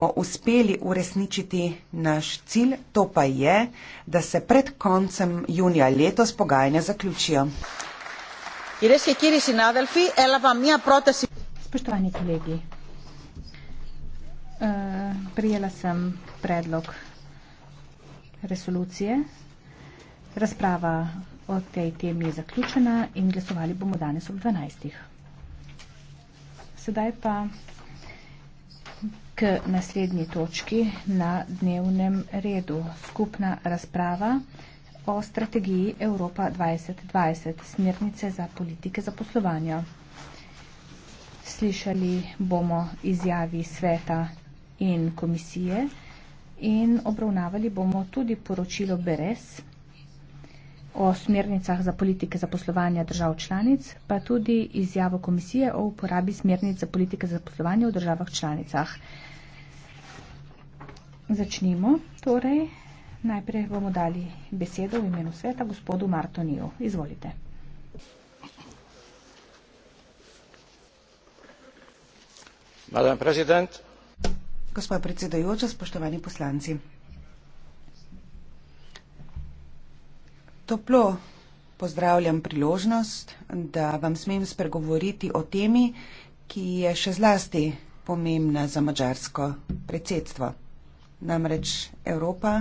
uspeli uresničiti naš cilj, to pa je, da se pred koncem junija letos pogajanja zaključijo. Spoštovani kolegi, prijela sem predlog resolucije. Razprava o tej temi je zaključena in glasovali bomo danes ob 12. Sedaj pa k naslednji točki na dnevnem redu. Skupna razprava o strategiji Evropa 2020, smernice za politike za poslovanje. Slišali bomo izjavi sveta in komisije in obravnavali bomo tudi poročilo Beres o smernicah za politike zaposlovanja držav članic, pa tudi izjavo komisije o uporabi smernic za politike zaposlovanja v državah članicah. Začnimo torej. Najprej bomo dali besedo v imenu sveta gospodu Martoniju. Izvolite. Gospod predsedujoča, spoštovani poslanci. toplo pozdravljam priložnost, da vam smem spregovoriti o temi, ki je še zlasti pomembna za mađarsko predsedstvo. Namreč Evropa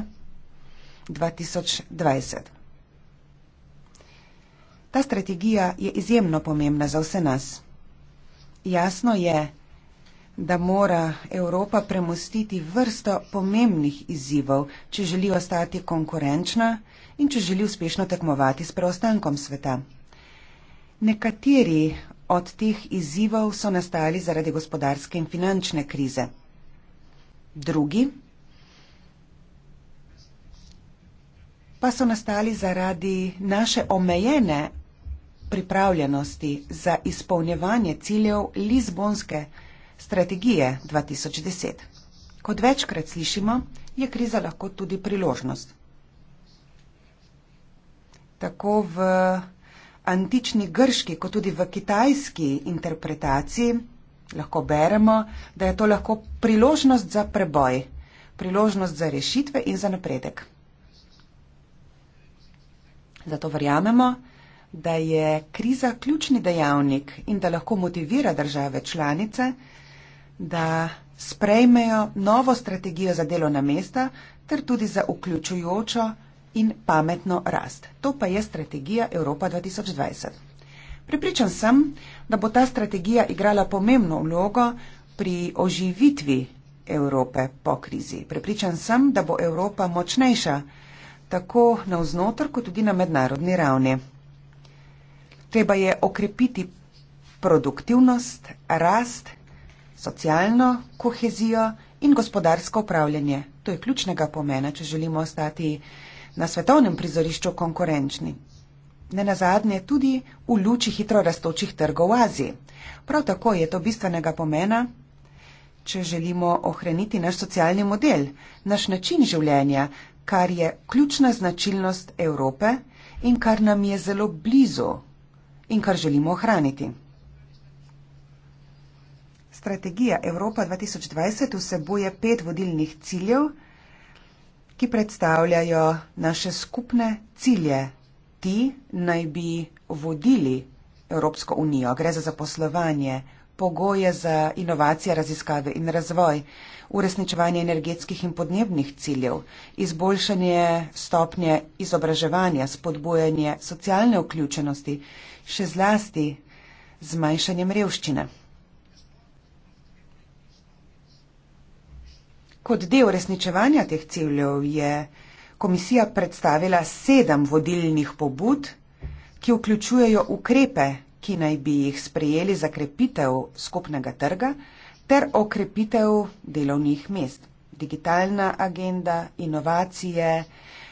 2020. Ta strategija je izjemno pomembna za vse nas. Jasno je, da mora Evropa premostiti vrsto pomembnih izzivov, če želi ostati konkurenčna in če želi uspešno tekmovati s preostankom sveta. Nekateri od teh izzivov so nastali zaradi gospodarske in finančne krize. Drugi pa so nastali zaradi naše omejene pripravljenosti za izpolnjevanje ciljev Lizbonske strategije 2010. Kot večkrat slišimo, je kriza lahko tudi priložnost. Tako v antični grški, kot tudi v kitajski interpretaciji lahko beremo, da je to lahko priložnost za preboj, priložnost za rešitve in za napredek. Zato verjamemo, da je kriza ključni dejavnik in da lahko motivira države članice, da sprejmejo novo strategijo za delovna mesta ter tudi za vključujočo in pametno rast. To pa je strategija Evropa 2020. Pripričan sem, da bo ta strategija igrala pomembno vlogo pri oživitvi Evrope po krizi. Pripričan sem, da bo Evropa močnejša tako na vznotr, kot tudi na mednarodni ravni. Treba je okrepiti produktivnost, rast socialno kohezijo in gospodarsko upravljanje. To je ključnega pomena, če želimo ostati na svetovnem prizorišču konkurenčni. Ne nazadnje tudi v luči hitro rastočih trgov v Aziji. Prav tako je to bistvenega pomena, če želimo ohraniti naš socialni model, naš način življenja, kar je ključna značilnost Evrope in kar nam je zelo blizu in kar želimo ohraniti strategija Evropa 2020 vseboje pet vodilnih ciljev, ki predstavljajo naše skupne cilje. Ti naj bi vodili Evropsko unijo. Gre za zaposlovanje, pogoje za inovacije, raziskave in razvoj, uresničevanje energetskih in podnebnih ciljev, izboljšanje stopnje izobraževanja, spodbojanje socialne vključenosti, še zlasti zmanjšanjem revščine. Kot del resničevanja teh ciljev je komisija predstavila sedem vodilnih pobud, ki vključujejo ukrepe, ki naj bi jih sprejeli za krepitev skupnega trga ter okrepitev delovnih mest. Digitalna agenda, inovacije,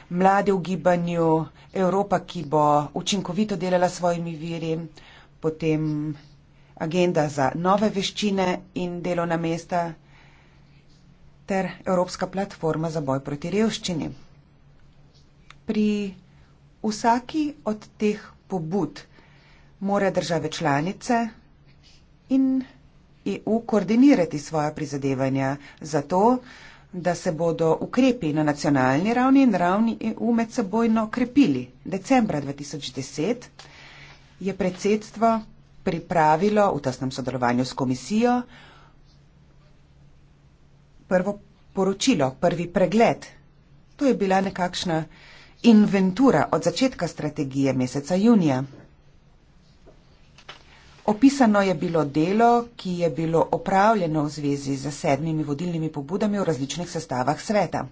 mlade v gibanju, Evropa, ki bo učinkovito delala svojimi viri, potem agenda za nove veščine in delovna mesta ter Evropska platforma za boj proti revščini. Pri vsaki od teh pobud mora države članice in EU koordinirati svoja prizadevanja za to, da se bodo ukrepi na nacionalni ravni in ravni EU medsebojno krepili. Decembra 2010 je predsedstvo pripravilo v tesnem sodelovanju s komisijo prvo poročilo, prvi pregled. To je bila nekakšna inventura od začetka strategije meseca junija. Opisano je bilo delo, ki je bilo opravljeno v zvezi z sedmimi vodilnimi pobudami v različnih sestavah sveta.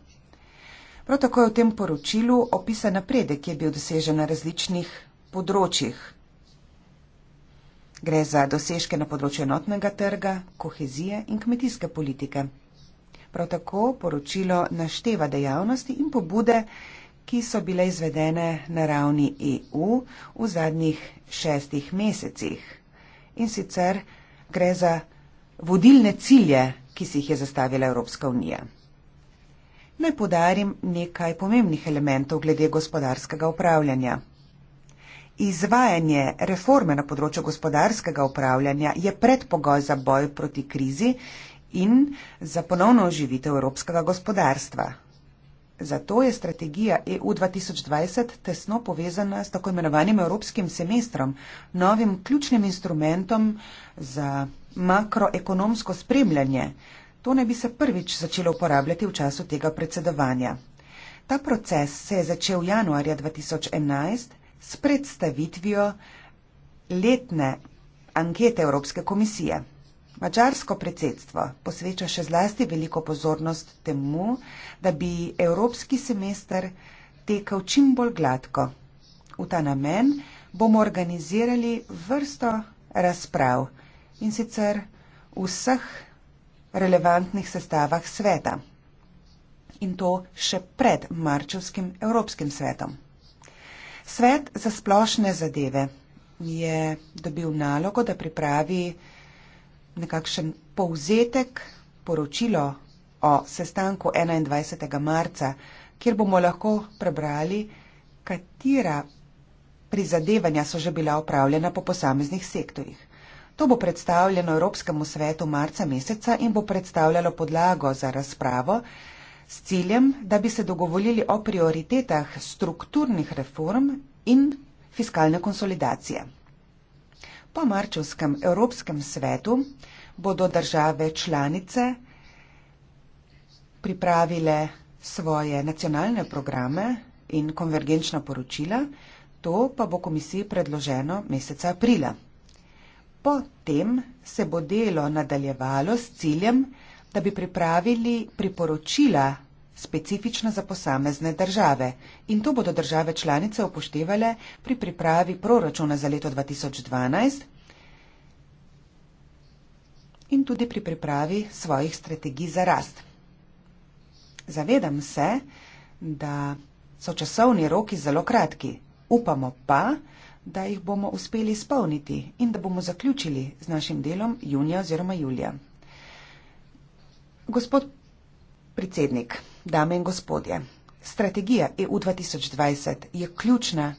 Prav tako je v tem poročilu opisan napredek, ki je bil dosežen na različnih področjih. Gre za dosežke na področju enotnega trga, kohezije in kmetijske politike. Prav tako poročilo našteva dejavnosti in pobude, ki so bile izvedene na ravni EU v zadnjih šestih mesecih. In sicer gre za vodilne cilje, ki si jih je zastavila Evropska unija. Naj podarim nekaj pomembnih elementov glede gospodarskega upravljanja. Izvajanje reforme na področju gospodarskega upravljanja je predpogoj za boj proti krizi in za ponovno oživitev evropskega gospodarstva. Zato je strategija EU 2020 tesno povezana s tako imenovanim evropskim semestrom, novim ključnim instrumentom za makroekonomsko spremljanje. To naj bi se prvič začelo uporabljati v času tega predsedovanja. Ta proces se je začel januarja 2011 s predstavitvijo letne ankete Evropske komisije. Mačarsko predsedstvo posveča še zlasti veliko pozornost temu, da bi evropski semester tekel čim bolj gladko. V ta namen bomo organizirali vrsto razprav in sicer v vseh relevantnih sestavah sveta in to še pred marčevskim Evropskim svetom. Svet za splošne zadeve je dobil nalogo, da pripravi nekakšen povzetek, poročilo o sestanku 21. marca, kjer bomo lahko prebrali, katera prizadevanja so že bila upravljena po posameznih sektorjih. To bo predstavljeno Evropskemu svetu marca meseca in bo predstavljalo podlago za razpravo s ciljem, da bi se dogovorili o prioritetah strukturnih reform in fiskalne konsolidacije. Po marčevskem Evropskem svetu bodo države članice pripravile svoje nacionalne programe in konvergenčna poročila, to pa bo komisiji predloženo meseca aprila. Potem se bo delo nadaljevalo s ciljem, da bi pripravili priporočila specifična za posamezne države in to bodo države članice upoštevale pri pripravi proračuna za leto 2012 in tudi pri pripravi svojih strategij za rast. Zavedam se, da so časovni roki zelo kratki, upamo pa, da jih bomo uspeli izpolniti in da bomo zaključili z našim delom junija oziroma julija. Gospod predsednik, dame in gospodje, strategija EU 2020 je ključna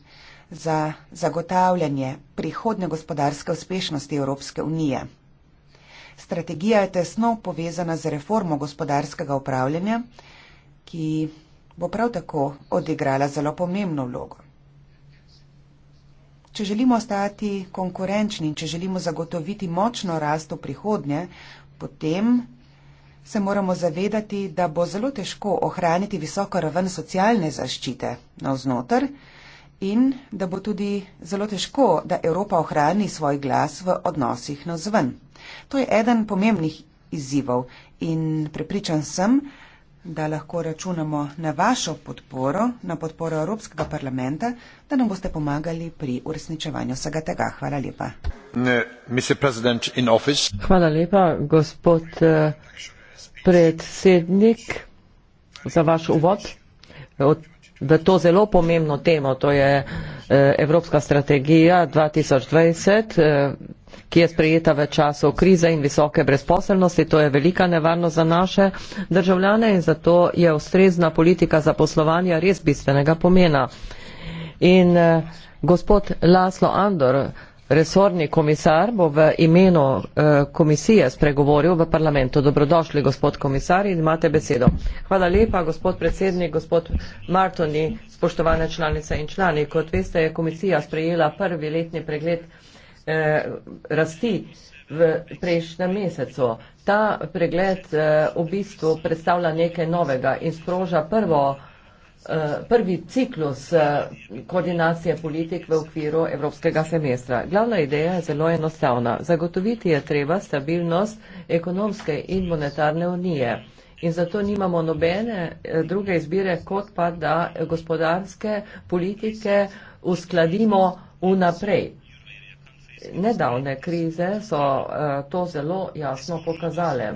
za zagotavljanje prihodne gospodarske uspešnosti Evropske unije. Strategija je tesno povezana z reformo gospodarskega upravljanja, ki bo prav tako odigrala zelo pomembno vlogo. Če želimo ostati konkurenčni in če želimo zagotoviti močno rast v prihodnje, potem se moramo zavedati, da bo zelo težko ohraniti visoko raven socialne zaščite navznoter in da bo tudi zelo težko, da Evropa ohrani svoj glas v odnosih navzven. To je eden pomembnih izzivov in prepričan sem, da lahko računamo na vašo podporo, na podporo Evropskega parlamenta, da nam boste pomagali pri uresničevanju vsega tega. Hvala lepa. Hvala lepa, gospod. Uh, predsednik, za vaš uvod v to zelo pomembno temo, to je eh, Evropska strategija 2020, eh, ki je sprejeta v času krize in visoke brezposelnosti. To je velika nevarnost za naše državljane in zato je ustrezna politika zaposlovanja res bistvenega pomena. In eh, gospod Laslo Andor, Resorni komisar bo v imenu eh, komisije spregovoril v parlamentu. Dobrodošli, gospod komisar, in imate besedo. Hvala lepa, gospod predsednik, gospod Martoni, spoštovane članice in člani. Kot veste, je komisija sprejela prvi letni pregled eh, rasti v prejšnjem mesecu. Ta pregled eh, v bistvu predstavlja nekaj novega in sproža prvo Eh, prvi ciklus eh, koordinacije politik v okviru evropskega semestra. Glavna ideja je zelo enostavna. Zagotoviti je treba stabilnost ekonomske in monetarne unije. In zato nimamo nobene eh, druge izbire, kot pa da gospodarske politike uskladimo vnaprej. Nedavne krize so to zelo jasno pokazale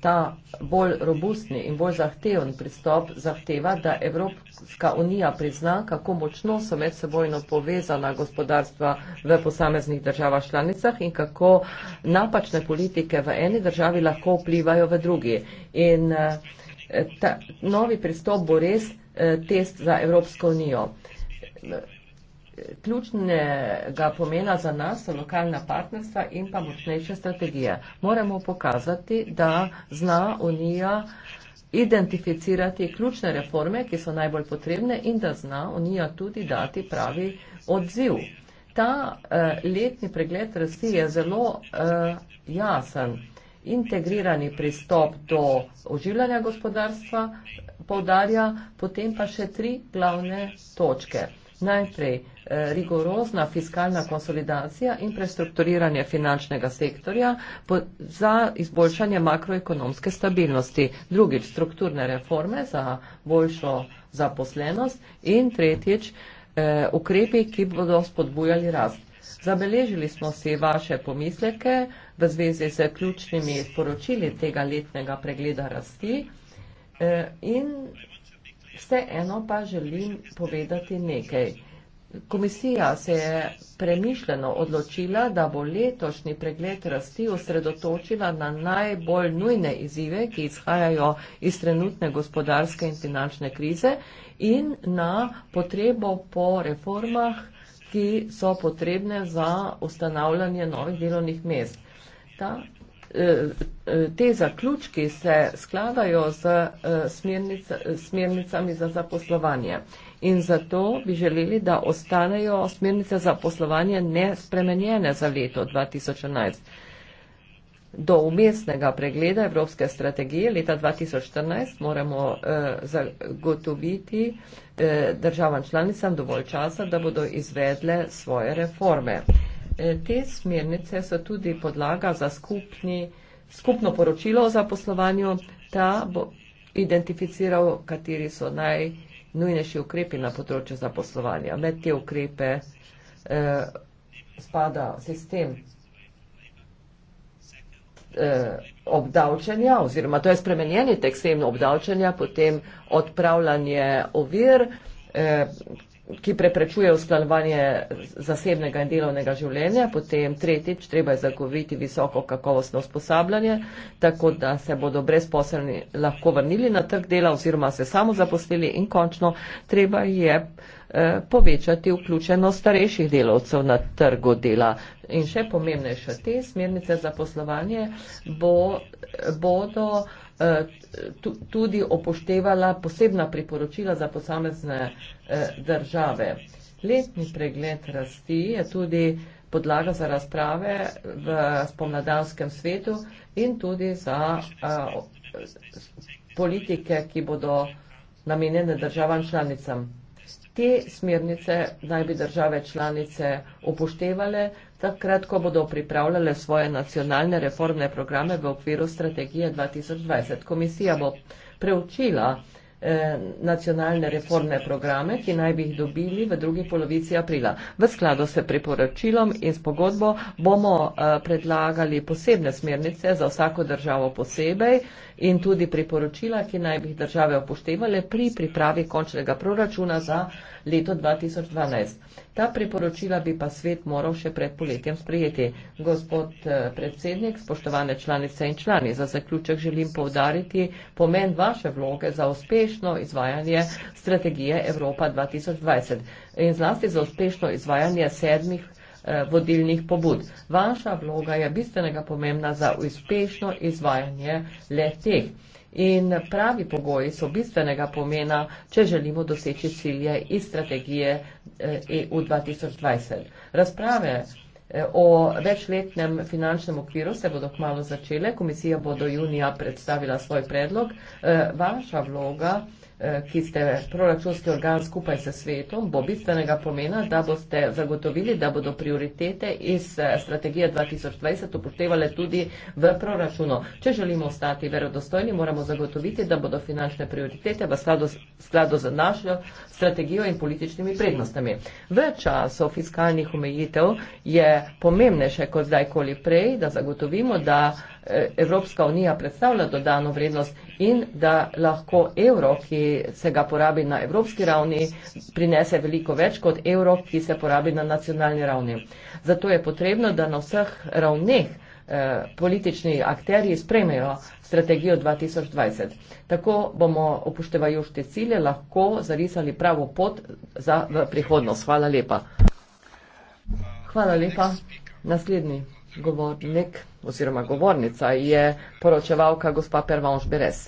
ta bolj robustni in bolj zahteven pristop zahteva, da Evropska unija prizna, kako močno so medsebojno povezana gospodarstva v posameznih državah članicah in kako napačne politike v eni državi lahko vplivajo v drugi. In eh, ta novi pristop bo res eh, test za Evropsko unijo ključnega pomena za nas so lokalna partnerstva in pa močnejše strategije. Moramo pokazati, da zna Unija identificirati ključne reforme, ki so najbolj potrebne in da zna Unija tudi dati pravi odziv. Ta eh, letni pregled rasti je zelo eh, jasen. Integrirani pristop do oživljanja gospodarstva eh, povdarja, potem pa še tri glavne točke. Najprej Eh, rigorozna fiskalna konsolidacija in prestrukturiranje finančnega sektorja za izboljšanje makroekonomske stabilnosti. Drugič, strukturne reforme za boljšo zaposlenost in tretjič, eh, ukrepi, ki bodo spodbujali rast. Zabeležili smo si vaše pomisleke v zvezi z ključnimi sporočili tega letnega pregleda rasti eh, in vseeno pa želim povedati nekaj. Komisija se je premišljeno odločila, da bo letošnji pregled rasti osredotočila na najbolj nujne izzive, ki izhajajo iz trenutne gospodarske in finančne krize in na potrebo po reformah, ki so potrebne za ustanavljanje novih delovnih mest. Ta, eh, eh, te zaključki se skladajo z eh, smernicami za zaposlovanje in zato bi želeli, da ostanejo smernice za poslovanje nespremenjene za leto 2011. Do umestnega pregleda Evropske strategije leta 2014 moramo eh, zagotoviti eh, državam članicam dovolj časa, da bodo izvedle svoje reforme. Eh, te smernice so tudi podlaga za skupni, skupno poročilo o zaposlovanju. Ta bo identificiral, kateri so najbolj nujnejši ukrepi na področju zaposlovanja. Med te ukrepe eh, spada sistem eh, obdavčanja oziroma to je spremenjeni tekst obdavčanja, potem odpravljanje ovir. Eh, ki preprečuje usklajevanje zasebnega in delovnega življenja. Potem tretjič, treba je zagoviti visoko kakovostno usposabljanje, tako da se bodo brezposelni lahko vrnili na trg dela oziroma se samo zaposlili in končno treba je eh, povečati vključenost starejših delovcev na trgu dela. In še pomembnejše, te smernice za poslovanje bo, bodo Eh, tudi upoštevala posebna priporočila za posamezne eh, države. Letni pregled rasti je tudi podlaga za razprave v spomladanskem svetu in tudi za eh, politike, ki bodo namenjene državam članicam. Te smernice naj bi države članice upoštevale, takrat, ko bodo pripravljale svoje nacionalne reformne programe v okviru strategije 2020. Komisija bo preučila eh, nacionalne reformne programe, ki naj bi jih dobili v drugi polovici aprila. V skladu s priporočilom in s pogodbo bomo eh, predlagali posebne smernice za vsako državo posebej, in tudi priporočila, ki naj bi jih države upoštevale pri pripravi končnega proračuna za leto 2012. Ta priporočila bi pa svet moral še pred poletjem sprejeti. Gospod eh, predsednik, spoštovane članice in člani, za zaključek želim povdariti pomen vaše vloge za uspešno izvajanje strategije Evropa 2020 in zlasti za uspešno izvajanje sedmih Eh, vodilnih pobud. Vaša vloga je bistvenega pomembna za uspešno izvajanje le teh. In pravi pogoji so bistvenega pomena, če želimo doseči cilje iz strategije EU eh, e 2020. Razprave eh, o večletnem finančnem okviru se bodo kmalo začele. Komisija bo do junija predstavila svoj predlog. Vaša vloga Eh, ki ste proračunski organ skupaj s svetom, bo bistvenega pomena, da boste zagotovili, da bodo prioritete iz eh, strategije 2020 upoštevale tudi v proračunu. Če želimo ostati verodostojni, moramo zagotoviti, da bodo finančne prioritete v skladu, skladu z našo strategijo in političnimi prednostami. V času fiskalnih omejitev je pomembnejše kot zdajkoli prej, da zagotovimo, da Eh, Evropska unija predstavlja dodano vrednost in da lahko evro, ki se ga porabi na evropski ravni, prinese veliko več kot evro, ki se porabi na nacionalni ravni. Zato je potrebno, da na vseh ravneh eh, politični akterji spremejo strategijo 2020. Tako bomo upoštevajošte cilje lahko zarisali pravo pot za prihodnost. Hvala lepa. Hvala lepa. Naslednji govornik oziroma govornica je poročevalka gospa Pervanš Beres.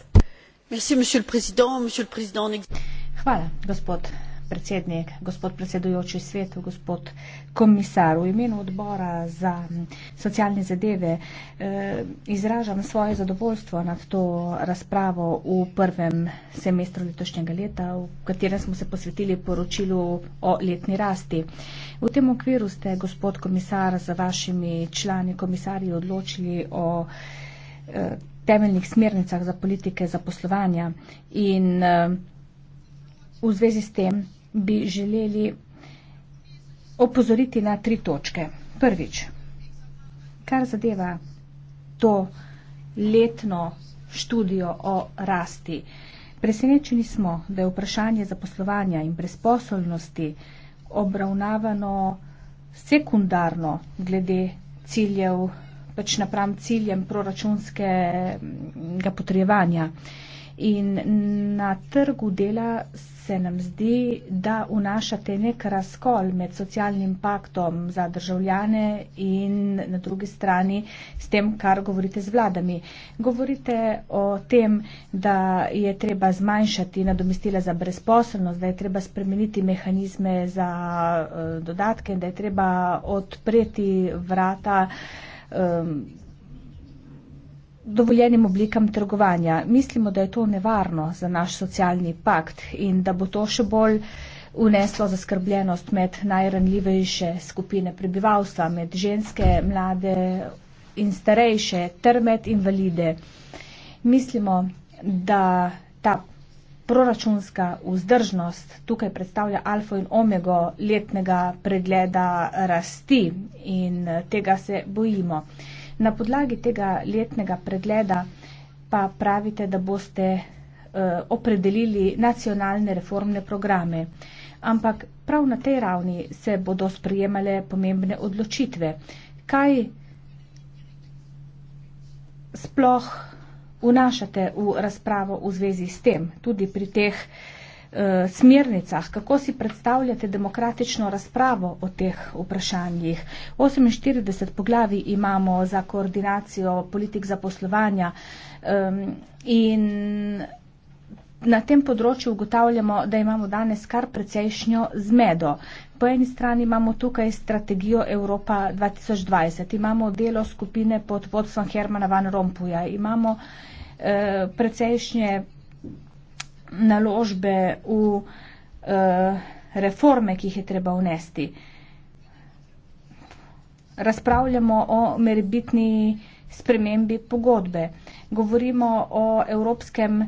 Hvala, gospod predsednik, gospod predsedujoči svetu, gospod komisar. V imenu odbora za socialne zadeve eh, izražam svoje zadovoljstvo nad to razpravo v prvem semestru letošnjega leta, v katerem smo se posvetili poročilu o letni rasti. V tem okviru ste, gospod komisar, za vašimi člani komisarji odločili o eh, temeljnih smernicah za politike zaposlovanja in eh, v zvezi s tem bi želeli opozoriti na tri točke. Prvič, kar zadeva to letno študijo o rasti. Presenečeni smo, da je vprašanje zaposlovanja in brezposobnosti obravnavano sekundarno glede ciljev, pač napram ciljem proračunskega potrejevanja. In na trgu dela se nam zdi, da unašate nek razkol med socialnim paktom za državljane in na drugi strani s tem, kar govorite z vladami. Govorite o tem, da je treba zmanjšati nadomestila za brezposobnost, da je treba spremeniti mehanizme za eh, dodatke, da je treba odpreti vrata. Um, dovoljenim oblikam trgovanja. Mislimo, da je to nevarno za naš socialni pakt in da bo to še bolj uneslo zaskrbljenost med najranljivejše skupine prebivalstva, med ženske, mlade in starejše ter med invalide. Mislimo, da ta proračunska vzdržnost tukaj predstavlja alfa in omego letnega pregleda rasti in tega se bojimo. Na podlagi tega letnega pregleda pa pravite, da boste eh, opredelili nacionalne reformne programe. Ampak prav na tej ravni se bodo sprejemale pomembne odločitve. Kaj sploh vnašate v razpravo v zvezi s tem, tudi pri teh eh, Eh, smernicah, kako si predstavljate demokratično razpravo o teh vprašanjih. 48 poglavi imamo za koordinacijo politik zaposlovanja in na tem področju ugotavljamo, da imamo danes kar precejšnjo zmedo. Po eni strani imamo tukaj strategijo Evropa 2020, imamo delo skupine pod vodstvom Hermana Van Rompuja, imamo eh, precejšnje naložbe, v eh, reforme, ki jih je treba unesti. Razpravljamo o meribitni spremembi pogodbe. Govorimo o evropskem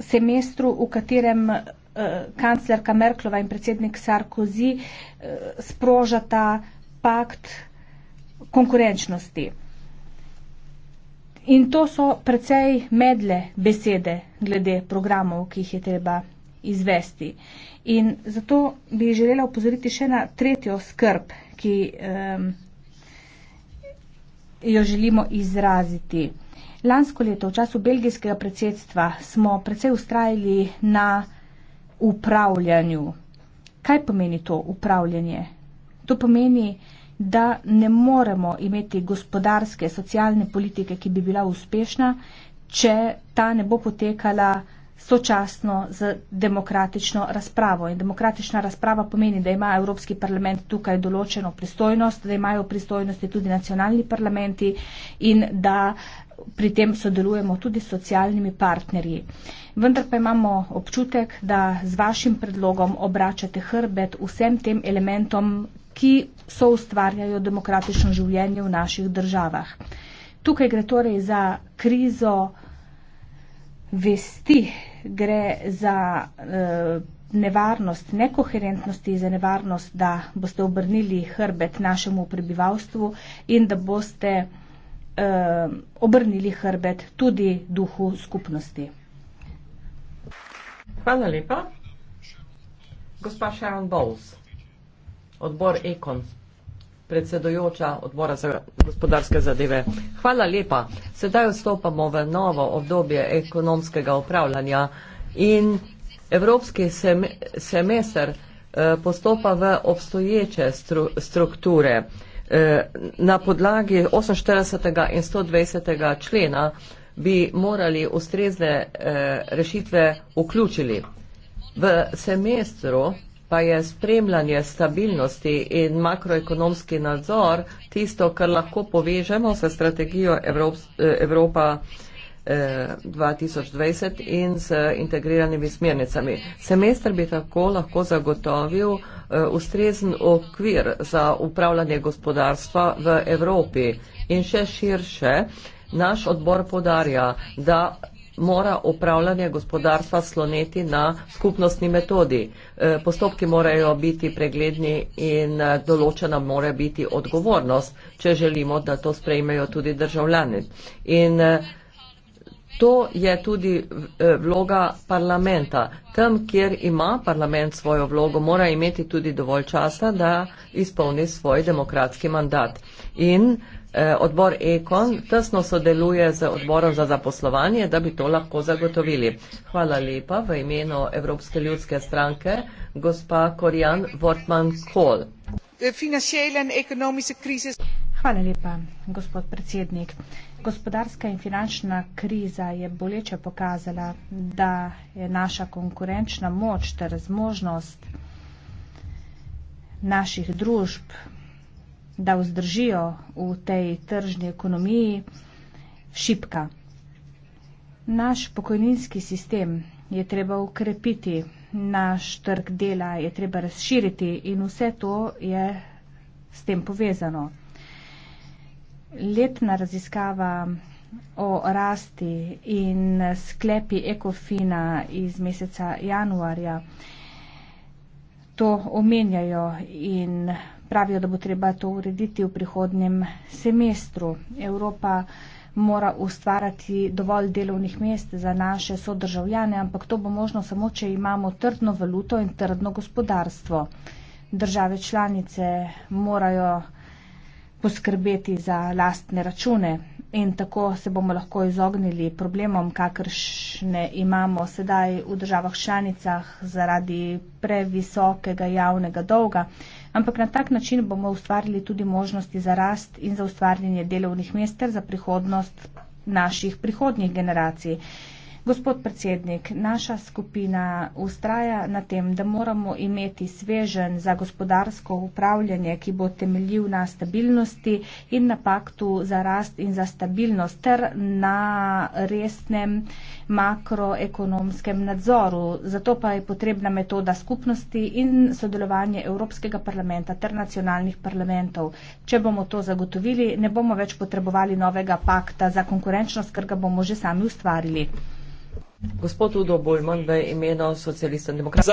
semestru, v katerem eh, kanclerka Merklova in predsednik Sarkozy eh, sprožata pakt konkurenčnosti. In to so precej medle besede glede programov, ki jih je treba izvesti. In zato bi želela upozoriti še na tretjo skrb, ki um, jo želimo izraziti. Lansko leto, v času belgijskega predsedstva, smo precej ustrajali na upravljanju. Kaj pomeni to upravljanje? To pomeni, da da ne moremo imeti gospodarske, socialne politike, ki bi bila uspešna, če ta ne bo potekala sočasno z demokratično razpravo. In demokratična razprava pomeni, da ima Evropski parlament tukaj določeno pristojnost, da imajo pristojnosti tudi nacionalni parlamenti in da pri tem sodelujemo tudi s socialnimi partnerji. Vendar pa imamo občutek, da z vašim predlogom obračate hrbet vsem tem elementom, ki so ustvarjajo demokratično življenje v naših državah. Tukaj gre torej za krizo vesti, gre za eh, nevarnost nekoherentnosti, za nevarnost, da boste obrnili hrbet našemu prebivalstvu in da boste eh, obrnili hrbet tudi duhu skupnosti. Hvala lepa. Gospa Sharon Bowles. Odbor Ekon. Predsedujoča odbora za gospodarske zadeve. Hvala lepa. Sedaj vstopamo v novo obdobje ekonomskega upravljanja in evropski sem, semester eh, postopa v obstoječe stru, strukture. Eh, na podlagi 48. in 120. člena bi morali ustrezne eh, rešitve vključili. V semestru pa je spremljanje stabilnosti in makroekonomski nadzor tisto, kar lahko povežemo sa strategijo Evrop, eh, Evropa 2020 eh, in z integriranimi smernicami. Semester bi tako lahko zagotovil eh, ustrezen okvir za upravljanje gospodarstva v Evropi in še širše. Naš odbor podarja, da mora upravljanje gospodarstva sloneti na skupnostni metodi. E, postopki morajo biti pregledni in e, določena mora biti odgovornost, če želimo, da to sprejmejo tudi državljani. In e, to je tudi vloga parlamenta. Tam, kjer ima parlament svojo vlogo, mora imeti tudi dovolj časa, da izpolni svoj demokratski mandat. In Eh, odbor Ekon tesno sodeluje z odborom za zaposlovanje, da bi to lahko zagotovili. Hvala lepa v imenu Evropske ljudske stranke, gospa Korjan Wortman-Kohl. Hvala lepa, gospod predsednik. Gospodarska in finančna kriza je boleče pokazala, da je naša konkurenčna moč ter zmožnost naših družb da vzdržijo v tej tržni ekonomiji, šipka. Naš pokojninski sistem je treba ukrepiti, naš trg dela je treba razširiti in vse to je s tem povezano. Letna raziskava o rasti in sklepi ekofina iz meseca januarja to omenjajo in pravijo, da bo treba to urediti v prihodnem semestru. Evropa mora ustvarjati dovolj delovnih mest za naše sodržavljane, ampak to bo možno samo, če imamo trdno valuto in trdno gospodarstvo. Države članice morajo poskrbeti za lastne račune in tako se bomo lahko izognili problemom, kakršne imamo sedaj v državah članicah zaradi previsokega javnega dolga ampak na tak način bomo ustvarili tudi možnosti za rast in za ustvarjanje delovnih mest ter za prihodnost naših prihodnjih generacij. Gospod predsednik, naša skupina ustraja na tem, da moramo imeti svežen za gospodarsko upravljanje, ki bo temeljil na stabilnosti in na paktu za rast in za stabilnost ter na resnem makroekonomskem nadzoru. Zato pa je potrebna metoda skupnosti in sodelovanje Evropskega parlamenta ter nacionalnih parlamentov. Če bomo to zagotovili, ne bomo več potrebovali novega pakta za konkurenčnost, ker ga bomo že sami ustvarili. Gospod Udo Bulman v imenu socialistov in demokratov.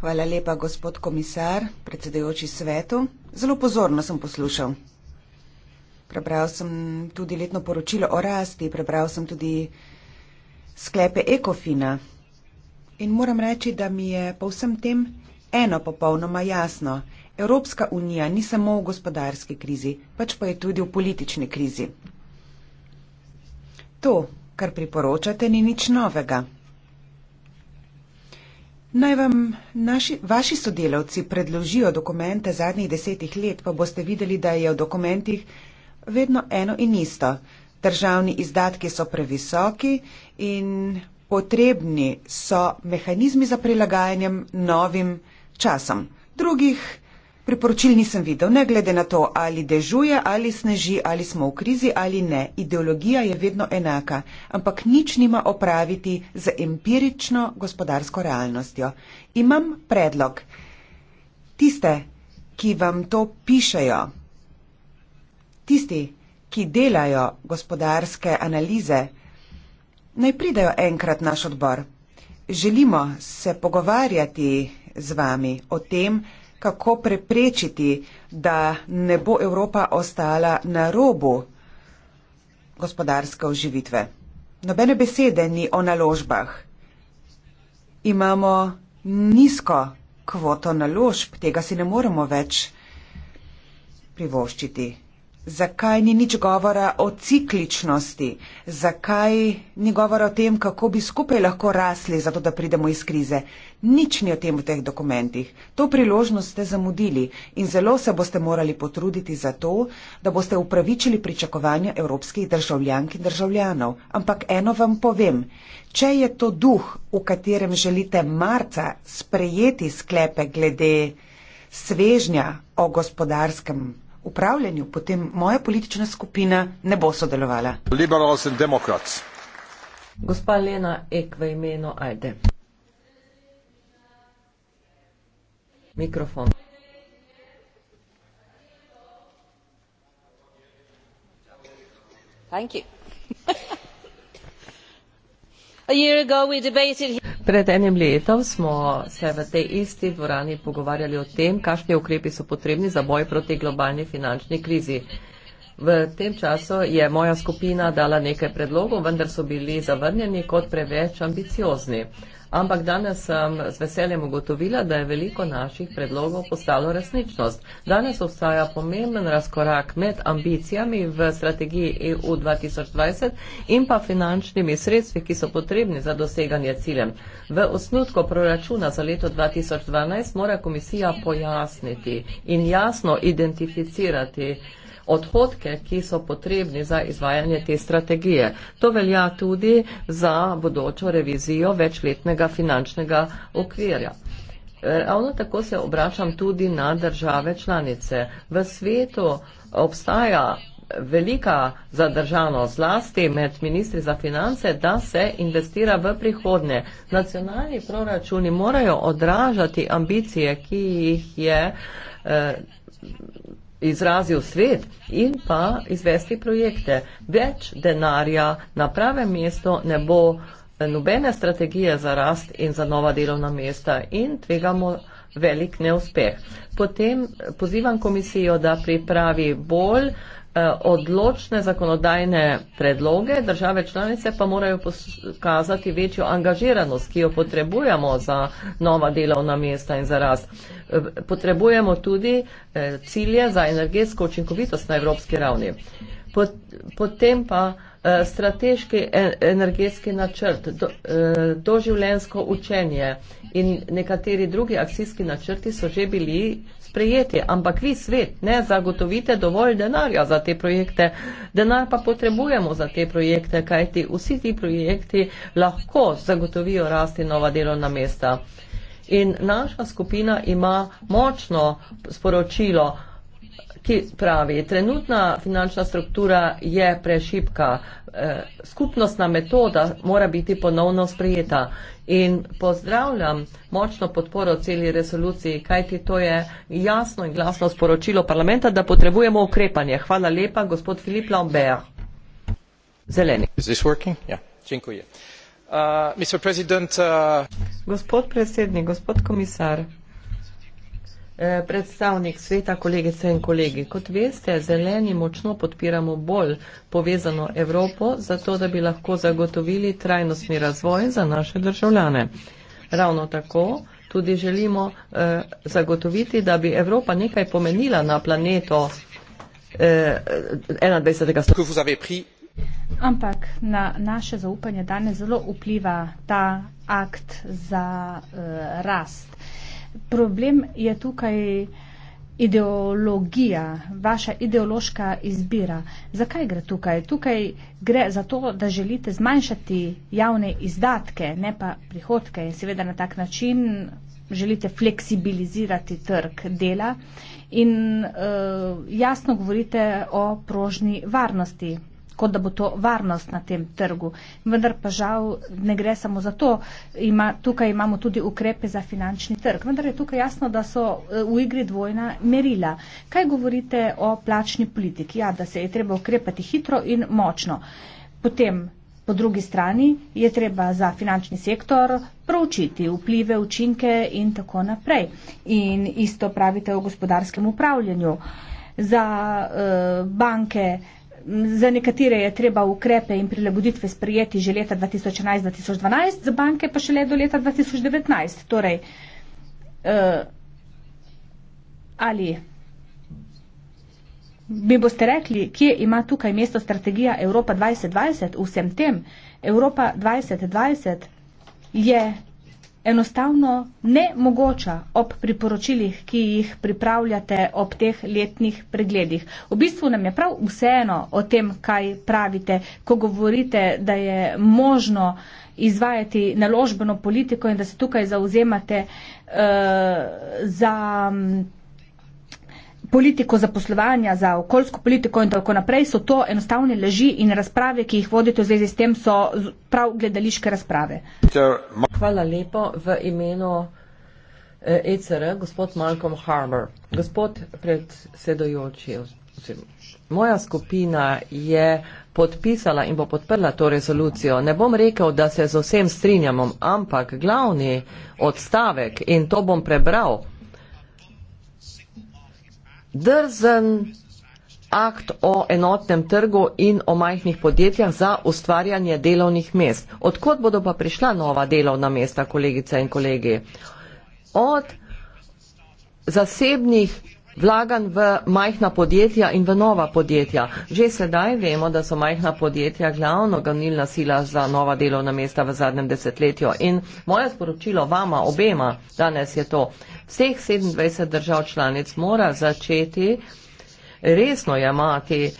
Hvala lepa, gospod komisar, predsedujoči svetu. Zelo pozorno sem poslušal. Prebral sem tudi letno poročilo o rasti, prebral sem tudi sklepe Ekofina. In moram reči, da mi je po vsem tem eno popolnoma jasno. Evropska unija ni samo v gospodarski krizi, pač pa je tudi v politični krizi. To, kar priporočate, ni nič novega. Naj vam naši, vaši sodelavci predložijo dokumente zadnjih desetih let, pa boste videli, da je v dokumentih vedno eno in isto. Državni izdatki so previsoki in potrebni so mehanizmi za prilagajanjem novim časom. Drugih Priporočil nisem videl, ne glede na to, ali dežuje, ali sneži, ali smo v krizi ali ne. Ideologija je vedno enaka, ampak nič nima opraviti z empirično gospodarsko realnostjo. Imam predlog. Tiste, ki vam to pišajo, tisti, ki delajo gospodarske analize, naj pridajo enkrat naš odbor. Želimo se pogovarjati z vami o tem, kako preprečiti, da ne bo Evropa ostala na robu gospodarske oživitve. Nobene besede ni o naložbah. Imamo nizko kvoto naložb, tega si ne moremo več privoščiti zakaj ni nič govora o cikličnosti, zakaj ni govora o tem, kako bi skupaj lahko rasli, zato da pridemo iz krize. Nič ni o tem v teh dokumentih. To priložnost ste zamudili in zelo se boste morali potruditi za to, da boste upravičili pričakovanja evropskih državljank in državljanov. Ampak eno vam povem, če je to duh, v katerem želite marca sprejeti sklepe glede svežnja o gospodarskem upravljanju, potem moja politična skupina ne bo sodelovala. Liberals in demokrats. Gospa Lena Ek v imenu Ajde. Mikrofon. Thank you. A year ago we debated here. Pred enim letom smo se v tej isti dvorani pogovarjali o tem, kakšni ukrepi so potrebni za boj proti globalni finančni krizi. V tem času je moja skupina dala nekaj predlogov, vendar so bili zavrnjeni kot preveč ambiciozni. Ampak danes sem z veseljem ugotovila, da je veliko naših predlogov postalo resničnost. Danes obstaja pomemben razkorak med ambicijami v strategiji EU 2020 in pa finančnimi sredstvi, ki so potrebni za doseganje ciljem. V osnutku proračuna za leto 2012 mora komisija pojasniti in jasno identificirati odhodke, ki so potrebni za izvajanje te strategije. To velja tudi za bodočo revizijo večletnega finančnega okvirja. E, ravno tako se obračam tudi na države članice. V svetu obstaja velika zadržanost zlasti med ministri za finance, da se investira v prihodnje. Nacionalni proračuni morajo odražati ambicije, ki jih je. Eh, izrazil svet in pa izvesti projekte. Več denarja na pravem mestu ne bo nobene strategije za rast in za nova delovna mesta in tvegamo velik neuspeh. Potem pozivam komisijo, da pripravi bolj Eh, odločne zakonodajne predloge, države članice pa morajo pokazati večjo angažiranost, ki jo potrebujemo za nova delovna mesta in za rast. Eh, potrebujemo tudi eh, cilje za energetsko učinkovitost na evropski ravni. Potem pa strateški e-, energetski načrt, doživljensko učenje in nekateri drugi akcijski načrti so že bili sprejeti, ampak vi svet ne zagotovite dovolj denarja za te projekte. Denar pa potrebujemo za te projekte, kajti vsi ti projekti lahko zagotovijo rasti nova delovna mesta. In naša skupina ima močno sporočilo, ki pravi, trenutna finančna struktura je prešipka, eh, skupnostna metoda mora biti ponovno sprejeta. In pozdravljam močno podporo celi resoluciji, kajti to je jasno in glasno sporočilo parlamenta, da potrebujemo ukrepanje. Hvala lepa, gospod Filip Lambert. Zeleni. Uh, uh, gospod predsednik, gospod komisar. Eh, predstavnik sveta, kolegice in kolegi, kot veste, zeleni močno podpiramo bolj povezano Evropo, zato da bi lahko zagotovili trajnostni razvoj za naše državljane. Ravno tako tudi želimo eh, zagotoviti, da bi Evropa nekaj pomenila na planeto eh, 21. stoletja. Ampak na naše zaupanje danes zelo vpliva ta akt za eh, rast problem je tukaj ideologija, vaša ideološka izbira. Zakaj gre tukaj? Tukaj gre za to, da želite zmanjšati javne izdatke, ne pa prihodke in seveda na tak način želite fleksibilizirati trg dela in uh, jasno govorite o prožni varnosti kot da bo to varnost na tem trgu. Vendar pa žal ne gre samo za to. Ima, tukaj imamo tudi ukrepe za finančni trg. Vendar je tukaj jasno, da so e, v igri dvojna merila. Kaj govorite o plačni politiki? Ja, da se je treba ukrepati hitro in močno. Potem, po drugi strani, je treba za finančni sektor proučiti vplive, učinke in tako naprej. In isto pravite o gospodarskem upravljanju. Za uh, banke za nekatere je treba ukrepe in prilagoditve sprejeti že leta 2011-2012, za banke pa šele do leta 2019. Torej, uh, ali mi boste rekli, kje ima tukaj mesto strategija Evropa 2020 v vsem tem? Evropa 2020 je enostavno nemogoča ob priporočilih, ki jih pripravljate ob teh letnih pregledih. V bistvu nam je prav vseeno o tem, kaj pravite, ko govorite, da je možno izvajati naložbeno politiko in da se tukaj zauzemate uh, eh, za. Um, politiko zaposlovanja, za okoljsko politiko in tako naprej, so to enostavne leži in razprave, ki jih vodite v zvezi s tem, so prav gledališke razprave. Hvala lepo v imenu ECR, eh, e gospod Malcolm Harbour. Gospod predsedojoči, moja skupina je podpisala in bo podprla to rezolucijo. Ne bom rekel, da se z vsem strinjamo, ampak glavni odstavek in to bom prebral, drzen akt o enotnem trgu in o majhnih podjetjah za ustvarjanje delovnih mest. Odkot bodo pa prišla nova delovna mesta, kolegice in kolegi? Od zasebnih vlaganj v majhna podjetja in v nova podjetja. Že sedaj vemo, da so majhna podjetja glavno gonilna sila za nova delovna mesta v zadnjem desetletju. In moje sporočilo vama obema danes je to, vseh 27 držav članic mora začeti resno jemati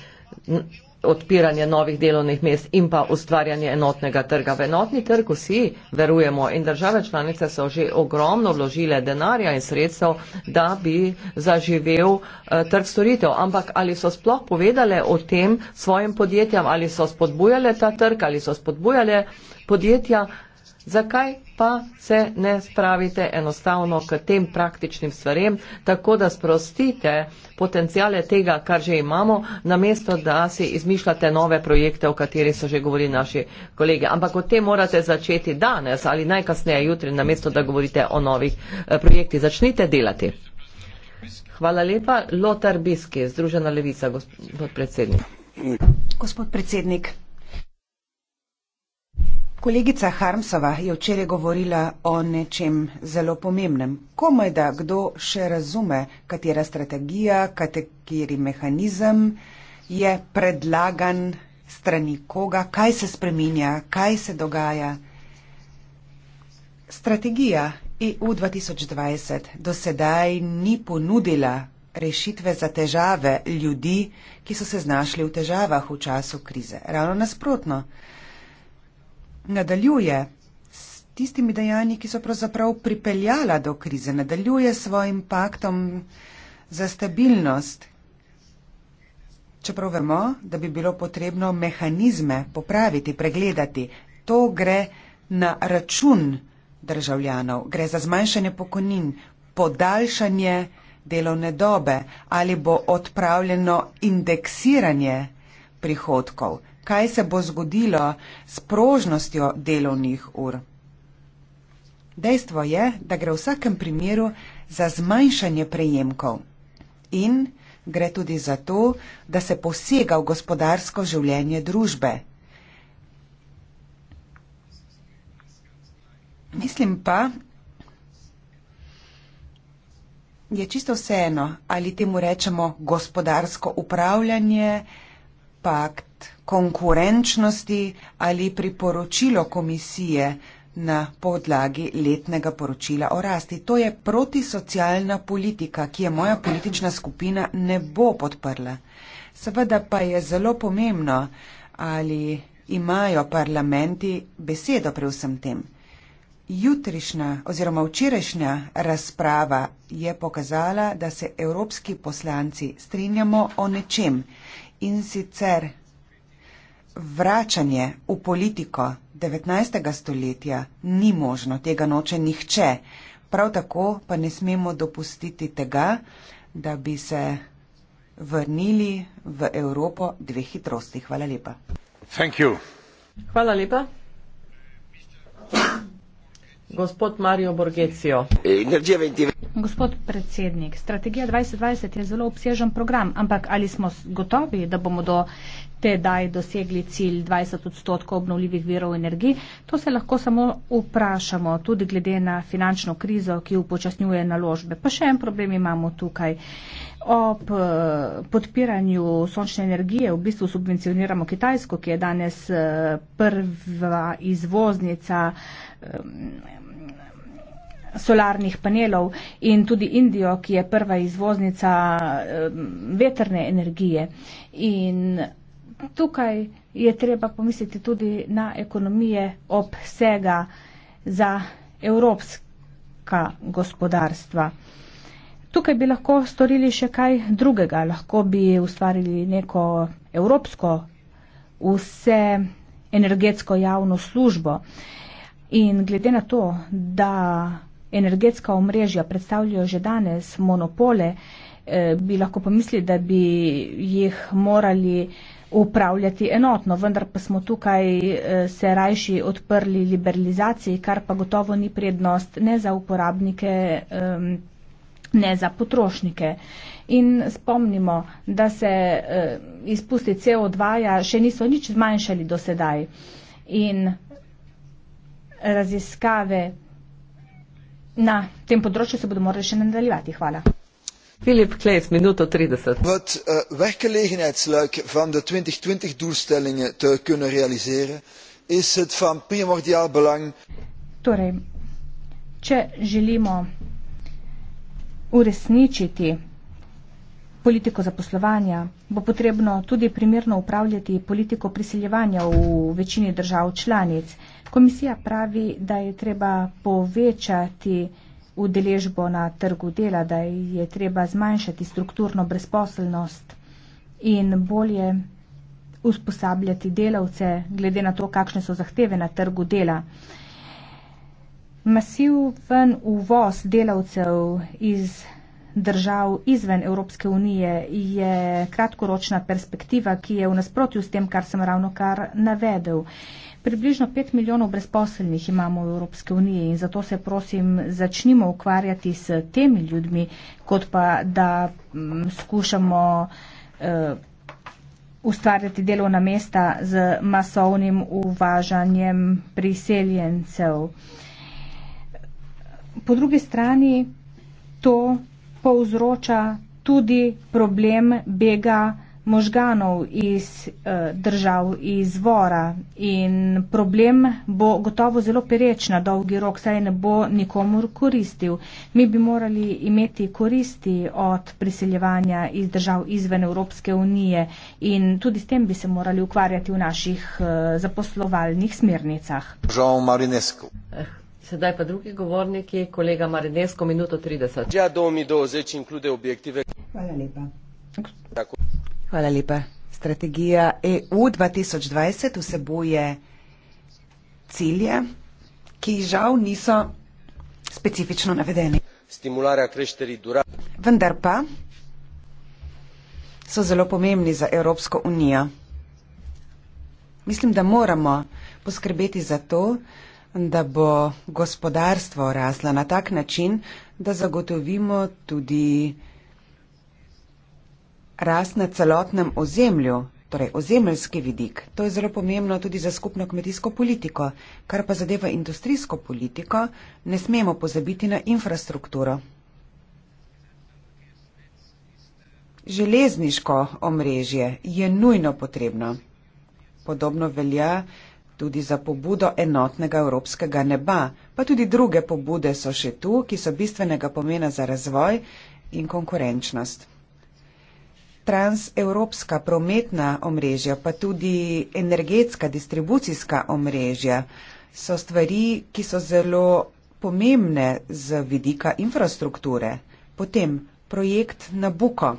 odpiranje novih delovnih mest in pa ustvarjanje enotnega trga. V enotni trg vsi verujemo in države članice so že ogromno vložile denarja in sredstev, da bi zaživel eh, trg storitev. Ampak ali so sploh povedale o tem svojim podjetjam, ali so spodbujale ta trg, ali so spodbujale podjetja, zakaj pa se ne spravite enostavno k tem praktičnim stvarem, tako da sprostite potencijale tega, kar že imamo, namesto da si izmišljate nove projekte, o katerih so že govorili naši kolege. Ampak o tem morate začeti danes ali najkasneje jutri, namesto da govorite o novih eh, projektih. Začnite delati. Hvala lepa. Lotar Biski, Združena levica, gospod predsednik. Gospod predsednik. Kolegica Harmsova je včeraj govorila o nečem zelo pomembnem. Komaj da kdo še razume, katera strategija, kateri mehanizem je predlagan strani koga, kaj se spreminja, kaj se dogaja. Strategija EU 2020 do sedaj ni ponudila rešitve za težave ljudi, ki so se znašli v težavah v času krize. Ravno nasprotno nadaljuje s tistimi dejanji, ki so pravzaprav pripeljala do krize, nadaljuje s svojim paktom za stabilnost. Čeprav vemo, da bi bilo potrebno mehanizme popraviti, pregledati, to gre na račun državljanov, gre za zmanjšanje pokojnin, podaljšanje delovne dobe ali bo odpravljeno indeksiranje prihodkov kaj se bo zgodilo s prožnostjo delovnih ur. Dejstvo je, da gre v vsakem primeru za zmanjšanje prejemkov in gre tudi za to, da se posega v gospodarsko življenje družbe. Mislim pa, je čisto vseeno, ali temu rečemo gospodarsko upravljanje, pakt konkurenčnosti ali priporočilo komisije na podlagi letnega poročila o rasti. To je protisocialna politika, ki je moja politična skupina ne bo podprla. Seveda pa je zelo pomembno, ali imajo parlamenti besedo pri vsem tem. Jutrišnja oziroma včerajšnja razprava je pokazala, da se evropski poslanci strinjamo o nečem in sicer vračanje v politiko 19. stoletja ni možno, tega noče nihče. Prav tako pa ne smemo dopustiti tega, da bi se vrnili v Evropo dve hitrosti. Hvala lepa. Hvala lepa. Gospod Mario Borgecio. Gospod predsednik, strategija 2020 je zelo obsežen program, ampak ali smo gotovi, da bomo do tedaj dosegli cilj 20 odstotkov obnovljivih virov energije, to se lahko samo vprašamo, tudi glede na finančno krizo, ki upočasnjuje naložbe. Pa še en problem imamo tukaj. Ob eh, podpiranju sončne energije v bistvu subvencioniramo Kitajsko, ki je danes eh, prva izvoznica eh, solarnih panelov in tudi Indijo, ki je prva izvoznica vetrne energije. In Tukaj je treba pomisliti tudi na ekonomije obsega za evropska gospodarstva. Tukaj bi lahko storili še kaj drugega, lahko bi ustvarili neko evropsko vse energetsko javno službo. In glede na to, da energetska omrežja predstavljajo že danes monopole, eh, bi lahko pomislili, da bi jih morali upravljati enotno, vendar pa smo tukaj eh, se rajši odprli liberalizaciji, kar pa gotovo ni prednost ne za uporabnike, ne za potrošnike. In spomnimo, da se eh, izpusti CO2 -ja še niso nič zmanjšali do sedaj. In raziskave na tem področju se bodo morali še nadaljevati. Hvala. Philip Klees, minuto 30. Het uh, werkgelegenheidsluik van de 2020-doelstellingen te kunnen realiseren is het van primordiaal belang. Torej, če želimo uresničiti politiko zaposlovanja, bo potrebno tudi primerno upravljati politiko priseljevanja v večini držav članic. Komisija pravi, da je treba povečati udeležbo na trgu dela, da je treba zmanjšati strukturno brezposelnost in bolje usposabljati delavce, glede na to, kakšne so zahteve na trgu dela. Masivven uvoz delavcev iz držav izven Evropske unije je kratkoročna perspektiva, ki je v nasprotju s tem, kar sem ravno kar navedel. Približno 5 milijonov brezposelnih imamo v Evropske unije in zato se prosim začnimo ukvarjati s temi ljudmi, kot pa da m, mm, skušamo uh, ustvarjati delovna mesta z masovnim uvažanjem priseljencev. Po drugi strani to povzroča tudi problem bega možganov iz eh, držav izvora in problem bo gotovo zelo pereč na dolgi rok, saj ne bo nikomur koristil. Mi bi morali imeti koristi od priseljevanja iz držav izven Evropske unije in tudi s tem bi se morali ukvarjati v naših eh, zaposlovalnih smernicah. Žal Marinesku. Eh, sedaj pa drugi govorniki, kolega Marinesko, minuto 30. Ja, do, mi do, zdaj, če include objektive. Hvala lepa. Tako. Hvala lepa. Strategija EU 2020 vseboje cilje, ki žal niso specifično navedeni. Vendar pa so zelo pomembni za Evropsko unijo. Mislim, da moramo poskrbeti za to, da bo gospodarstvo rasla na tak način, da zagotovimo tudi rast na celotnem ozemlju, torej ozemljski vidik, to je zelo pomembno tudi za skupno kmetijsko politiko, kar pa zadeva industrijsko politiko, ne smemo pozabiti na infrastrukturo. Železniško omrežje je nujno potrebno. Podobno velja tudi za pobudo enotnega evropskega neba, pa tudi druge pobude so še tu, ki so bistvenega pomena za razvoj in konkurenčnost transevropska prometna omrežja, pa tudi energetska distribucijska omrežja, so stvari, ki so zelo pomembne z vidika infrastrukture. Potem projekt Nabuko.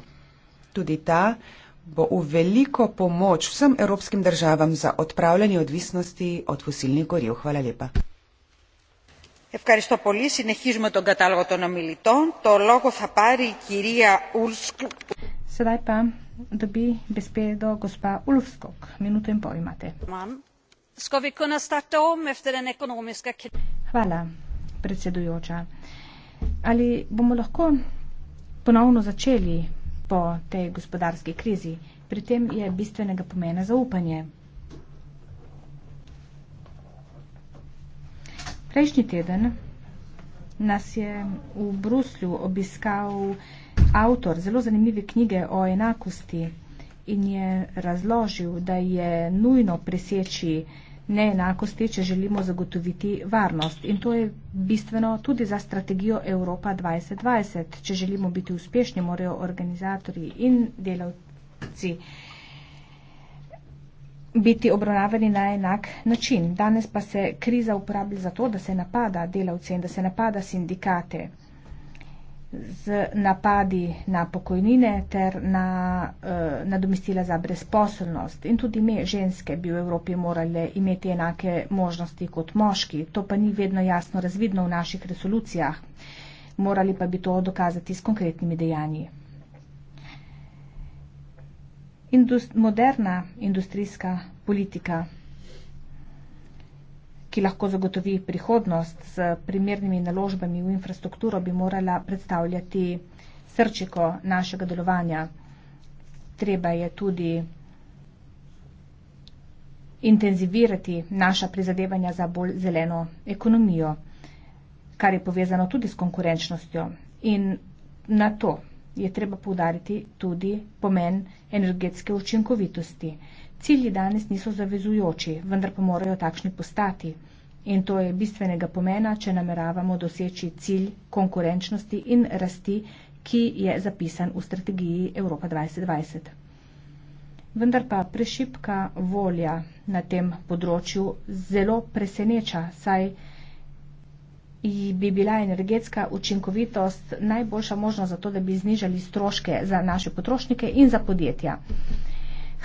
Tudi ta bo v veliko pomoč vsem evropskim državam za odpravljanje odvisnosti od fosilnih goriv. Hvala lepa. Ευχαριστώ πολύ. Συνεχίζουμε τον κατάλογο των ομιλητών. Το λόγο θα πάρει η κυρία Ούρσκου. Sedaj pa dobi besedo gospa Ulfskog. Minuto in pol imate. Hvala, predsedujoča. Ali bomo lahko ponovno začeli po tej gospodarski krizi? Pri tem je bistvenega pomena zaupanje. Prejšnji teden nas je v Bruslju obiskal avtor zelo zanimive knjige o enakosti in je razložil, da je nujno preseči neenakosti, če želimo zagotoviti varnost. In to je bistveno tudi za strategijo Evropa 2020. Če želimo biti uspešni, morajo organizatorji in delavci biti obravnavani na enak način. Danes pa se kriza uporablja za to, da se napada delavce in da se napada sindikate z napadi na pokojnine ter na uh, nadomestila za brezposobnost. In tudi mi, ženske, bi v Evropi morali imeti enake možnosti kot moški. To pa ni vedno jasno razvidno v naših resolucijah. Morali pa bi to dokazati s konkretnimi dejanji. Indust moderna industrijska politika ki lahko zagotovi prihodnost s primernimi naložbami v infrastrukturo, bi morala predstavljati srčiko našega delovanja. Treba je tudi intenzivirati naša prizadevanja za bolj zeleno ekonomijo, kar je povezano tudi s konkurenčnostjo. In na to je treba poudariti tudi pomen energetske učinkovitosti. Cilji danes niso zavezujoči, vendar pa morajo takšni postati. In to je bistvenega pomena, če nameravamo doseči cilj konkurenčnosti in rasti, ki je zapisan v strategiji Evropa 2020. Vendar pa prešipka volja na tem področju zelo preseneča, saj bi bila energetska učinkovitost najboljša možnost za to, da bi znižali stroške za naše potrošnike in za podjetja.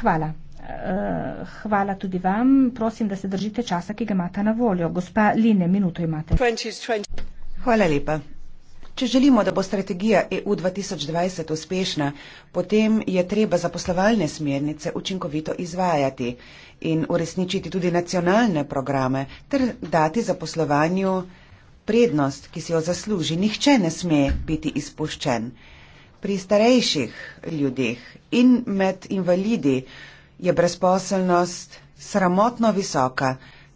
Hvala uh, hvala tudi vam. Prosim, da se držite časa, ki ga imate na voljo. Gospa Line, minuto imate. 20, 20. Hvala lepa. Če želimo, da bo strategija EU 2020 uspešna, potem je treba zaposlovalne smernice učinkovito izvajati in uresničiti tudi nacionalne programe ter dati zaposlovanju prednost, ki si jo zasluži. Nihče ne sme biti izpuščen. Pri starejših ljudeh in med invalidi je brezposelnost sramotno visoka.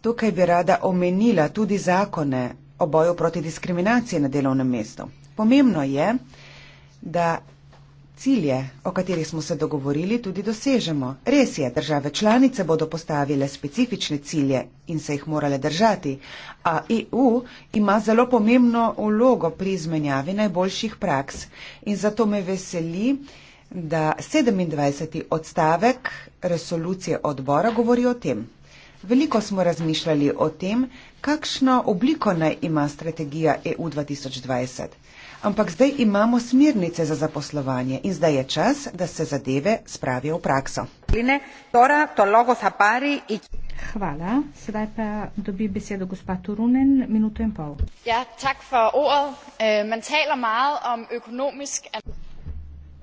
Tukaj bi rada omenila tudi zakone o boju proti diskriminaciji na delovnem mestu. Pomembno je, da cilje, o katerih smo se dogovorili, tudi dosežemo. Res je, države članice bodo postavile specifične cilje in se jih morale držati, a EU ima zelo pomembno vlogo pri izmenjavi najboljših praks in zato me veseli, da 27. odstavek resolucije odbora govori o tem. Veliko smo razmišljali o tem, kakšno obliko naj ima strategija EU 2020. Ampak zdaj imamo smernice za zaposlovanje in zdaj je čas, da se zadeve spravijo v prakso. Hvala. Sedaj pa dobi besedo gospa Turunen, minuto in pol. Ja, tak for ordet. Øh, man taler meget om økonomisk...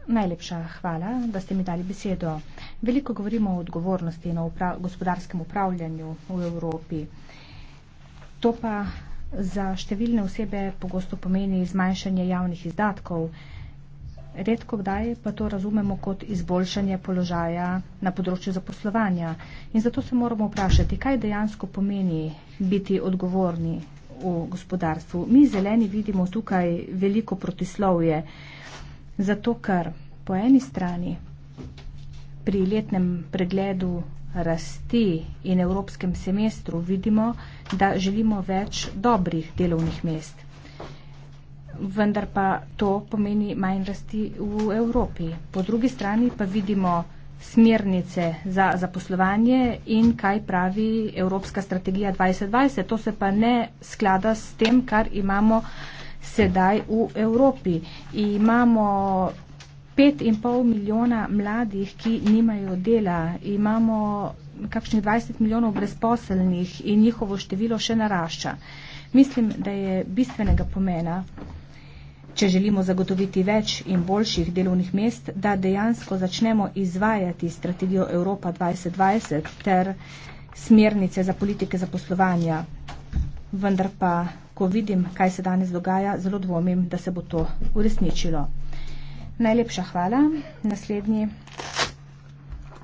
Najlepša hvala, da ste mi dali besedo. Veliko govorimo o odgovornosti in o uprav gospodarskem upravljanju v Evropi. To pa za številne osebe pogosto pomeni zmanjšanje javnih izdatkov. Redko kdaj pa to razumemo kot izboljšanje položaja na področju zaposlovanja. In zato se moramo vprašati, kaj dejansko pomeni biti odgovorni v gospodarstvu. Mi zeleni vidimo tukaj veliko protislovje. Zato ker po eni strani pri letnem pregledu rasti in evropskem semestru vidimo, da želimo več dobrih delovnih mest. Vendar pa to pomeni manj rasti v Evropi. Po drugi strani pa vidimo smernice za zaposlovanje in kaj pravi Evropska strategija 2020. To se pa ne sklada s tem, kar imamo sedaj v Evropi. Imamo pet in pol milijona mladih, ki nimajo dela. Imamo kakšnih 20 milijonov brezposelnih in njihovo število še narašča. Mislim, da je bistvenega pomena, če želimo zagotoviti več in boljših delovnih mest, da dejansko začnemo izvajati strategijo Evropa 2020 ter smernice za politike zaposlovanja. Vendar pa ko vidim, kaj se danes dogaja, zelo dvomim, da se bo to uresničilo. Najlepša hvala. Naslednji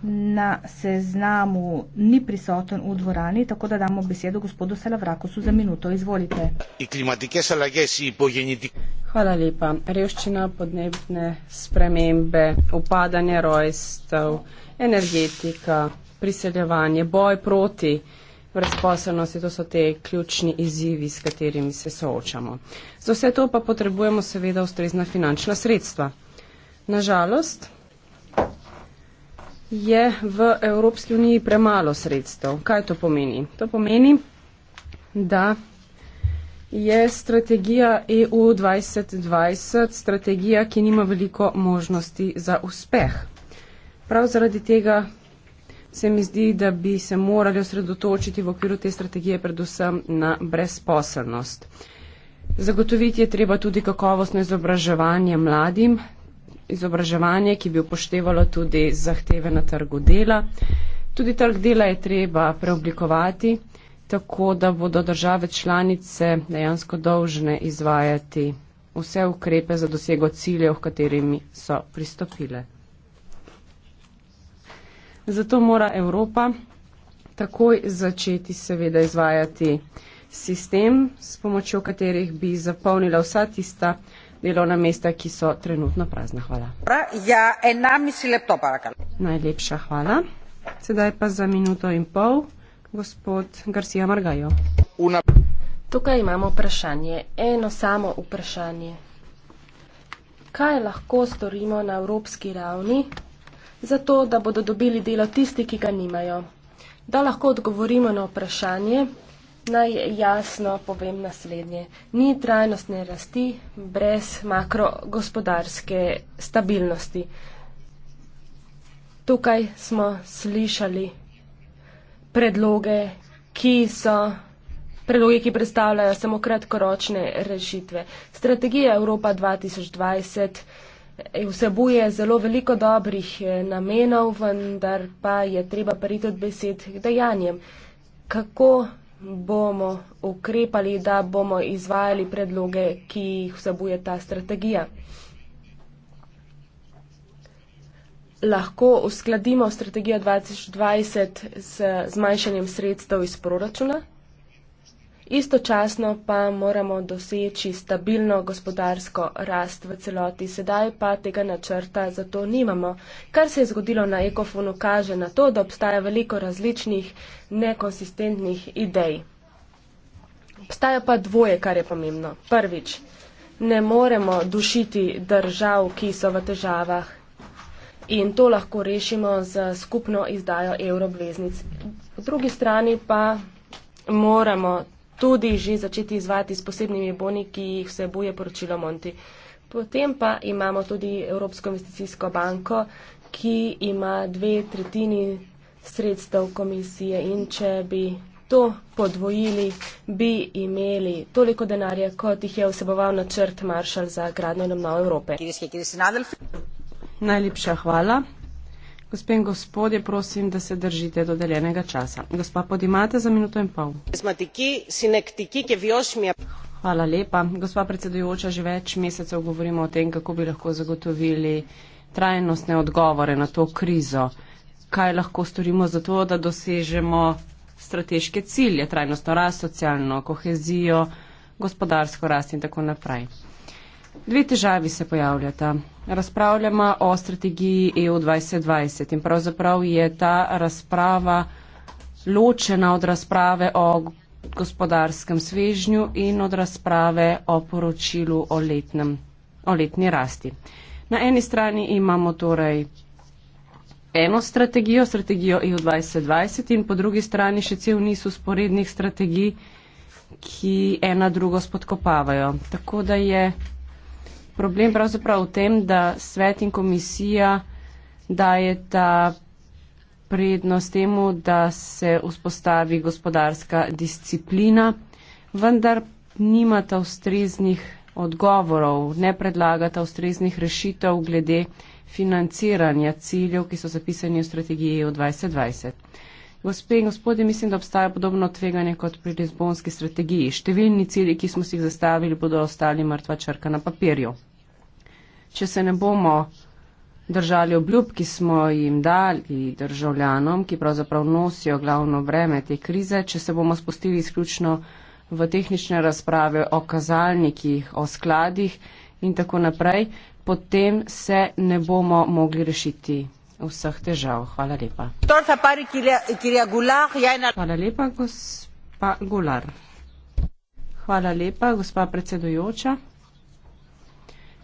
na seznamu ni prisoten v dvorani, tako da damo besedo gospodu Salavrakosu za minuto. Izvolite. Hvala lepa. Revščina, podnebne spremembe, upadanje rojstev, energetika, priseljevanje, boj proti brezposelnosti, to so te ključni izzivi, s katerimi se soočamo. Za vse to pa potrebujemo seveda ustrezna finančna sredstva. Nažalost je v Evropski uniji premalo sredstev. Kaj to pomeni? To pomeni, da je strategija EU 2020 strategija, ki nima veliko možnosti za uspeh. Prav zaradi tega se mi zdi, da bi se morali osredotočiti v okviru te strategije predvsem na brezposelnost. Zagotoviti je treba tudi kakovostno izobraževanje mladim, izobraževanje, ki bi upoštevalo tudi zahteve na trgu dela. Tudi trg dela je treba preoblikovati, tako da bodo države članice dejansko dolžne izvajati vse ukrepe za dosego ciljev, katerimi so pristopile. Zato mora Evropa takoj začeti seveda izvajati sistem, s pomočjo katerih bi zapolnila vsa tista delovna mesta, ki so trenutno prazna. Hvala. Ja, Najlepša hvala. Sedaj pa za minuto in pol gospod Garcia Margajo. Tukaj imamo vprašanje, eno samo vprašanje. Kaj lahko storimo na evropski ravni, zato da bodo dobili delo tisti, ki ga nimajo. Da lahko odgovorimo na vprašanje, naj jasno povem naslednje. Ni trajnostne rasti brez makrogospodarske stabilnosti. Tukaj smo slišali predloge, ki so. Predloge, ki predstavljajo samo kratkoročne rešitve. Strategija Evropa 2020 Eh, vsebuje zelo veliko dobrih eh, namenov, vendar pa je treba priti od besed k dejanjem. Kako bomo ukrepali, da bomo izvajali predloge, ki jih vsebuje ta strategija? Lahko uskladimo strategijo 2020 z zmanjšanjem sredstev iz proračuna? istočasno pa moramo doseči stabilno gospodarsko rast v celoti. Sedaj pa tega načrta za to nimamo. Kar se je zgodilo na ekofonu, kaže na to, da obstaja veliko različnih nekonsistentnih idej. Obstaja pa dvoje, kar je pomembno. Prvič, ne moremo dušiti držav, ki so v težavah. In to lahko rešimo z skupno izdajo evroobveznic. Po drugi strani pa moramo tudi že začeti izvajati s posebnimi boni, ki jih vsebuje poročilo Monti. Potem pa imamo tudi Evropsko investicijsko banko, ki ima dve tretjini sredstev komisije in če bi to podvojili, bi imeli toliko denarja, kot jih je vseboval načrt Maršal za gradno in obnovo Evrope. Najlepša hvala. Gospe in gospodje, prosim, da se držite dodeljenega časa. Gospa Podimata, za minuto in pol. Hvala lepa. Gospa predsedujoča, že več mesecev govorimo o tem, kako bi lahko zagotovili trajnostne odgovore na to krizo. Kaj lahko storimo za to, da dosežemo strateške cilje, trajnostno rast, socialno kohezijo, gospodarsko rast in tako naprej. Dve težavi se pojavljata razpravljamo o strategiji EU 2020 in pravzaprav je ta razprava ločena od razprave o gospodarskem svežnju in od razprave o poročilu o, letnem, o letni rasti. Na eni strani imamo torej eno strategijo, strategijo EU 2020 in po drugi strani še cel niz usporednih strategij, ki ena drugo spodkopavajo. Tako da je problem pravzaprav v tem, da svet in komisija daje ta prednost temu, da se vzpostavi gospodarska disciplina, vendar nimata ustreznih odgovorov, ne predlagata ustreznih rešitev glede financiranja ciljev, ki so zapisani v strategiji EU 2020. Gospe in gospodje, mislim, da obstaja podobno tveganje kot pri lizbonski strategiji. Številni cilji, ki smo si jih zastavili, bodo ostali mrtva črka na papirju če se ne bomo držali obljub, ki smo jim dali državljanom, ki pravzaprav nosijo glavno vreme te krize, če se bomo spustili izključno v tehnične razprave o kazalnikih, o skladih in tako naprej, potem se ne bomo mogli rešiti vseh težav. Hvala lepa. Ja Hvala lepa, gospa Gular. Hvala lepa, gospa predsedujoča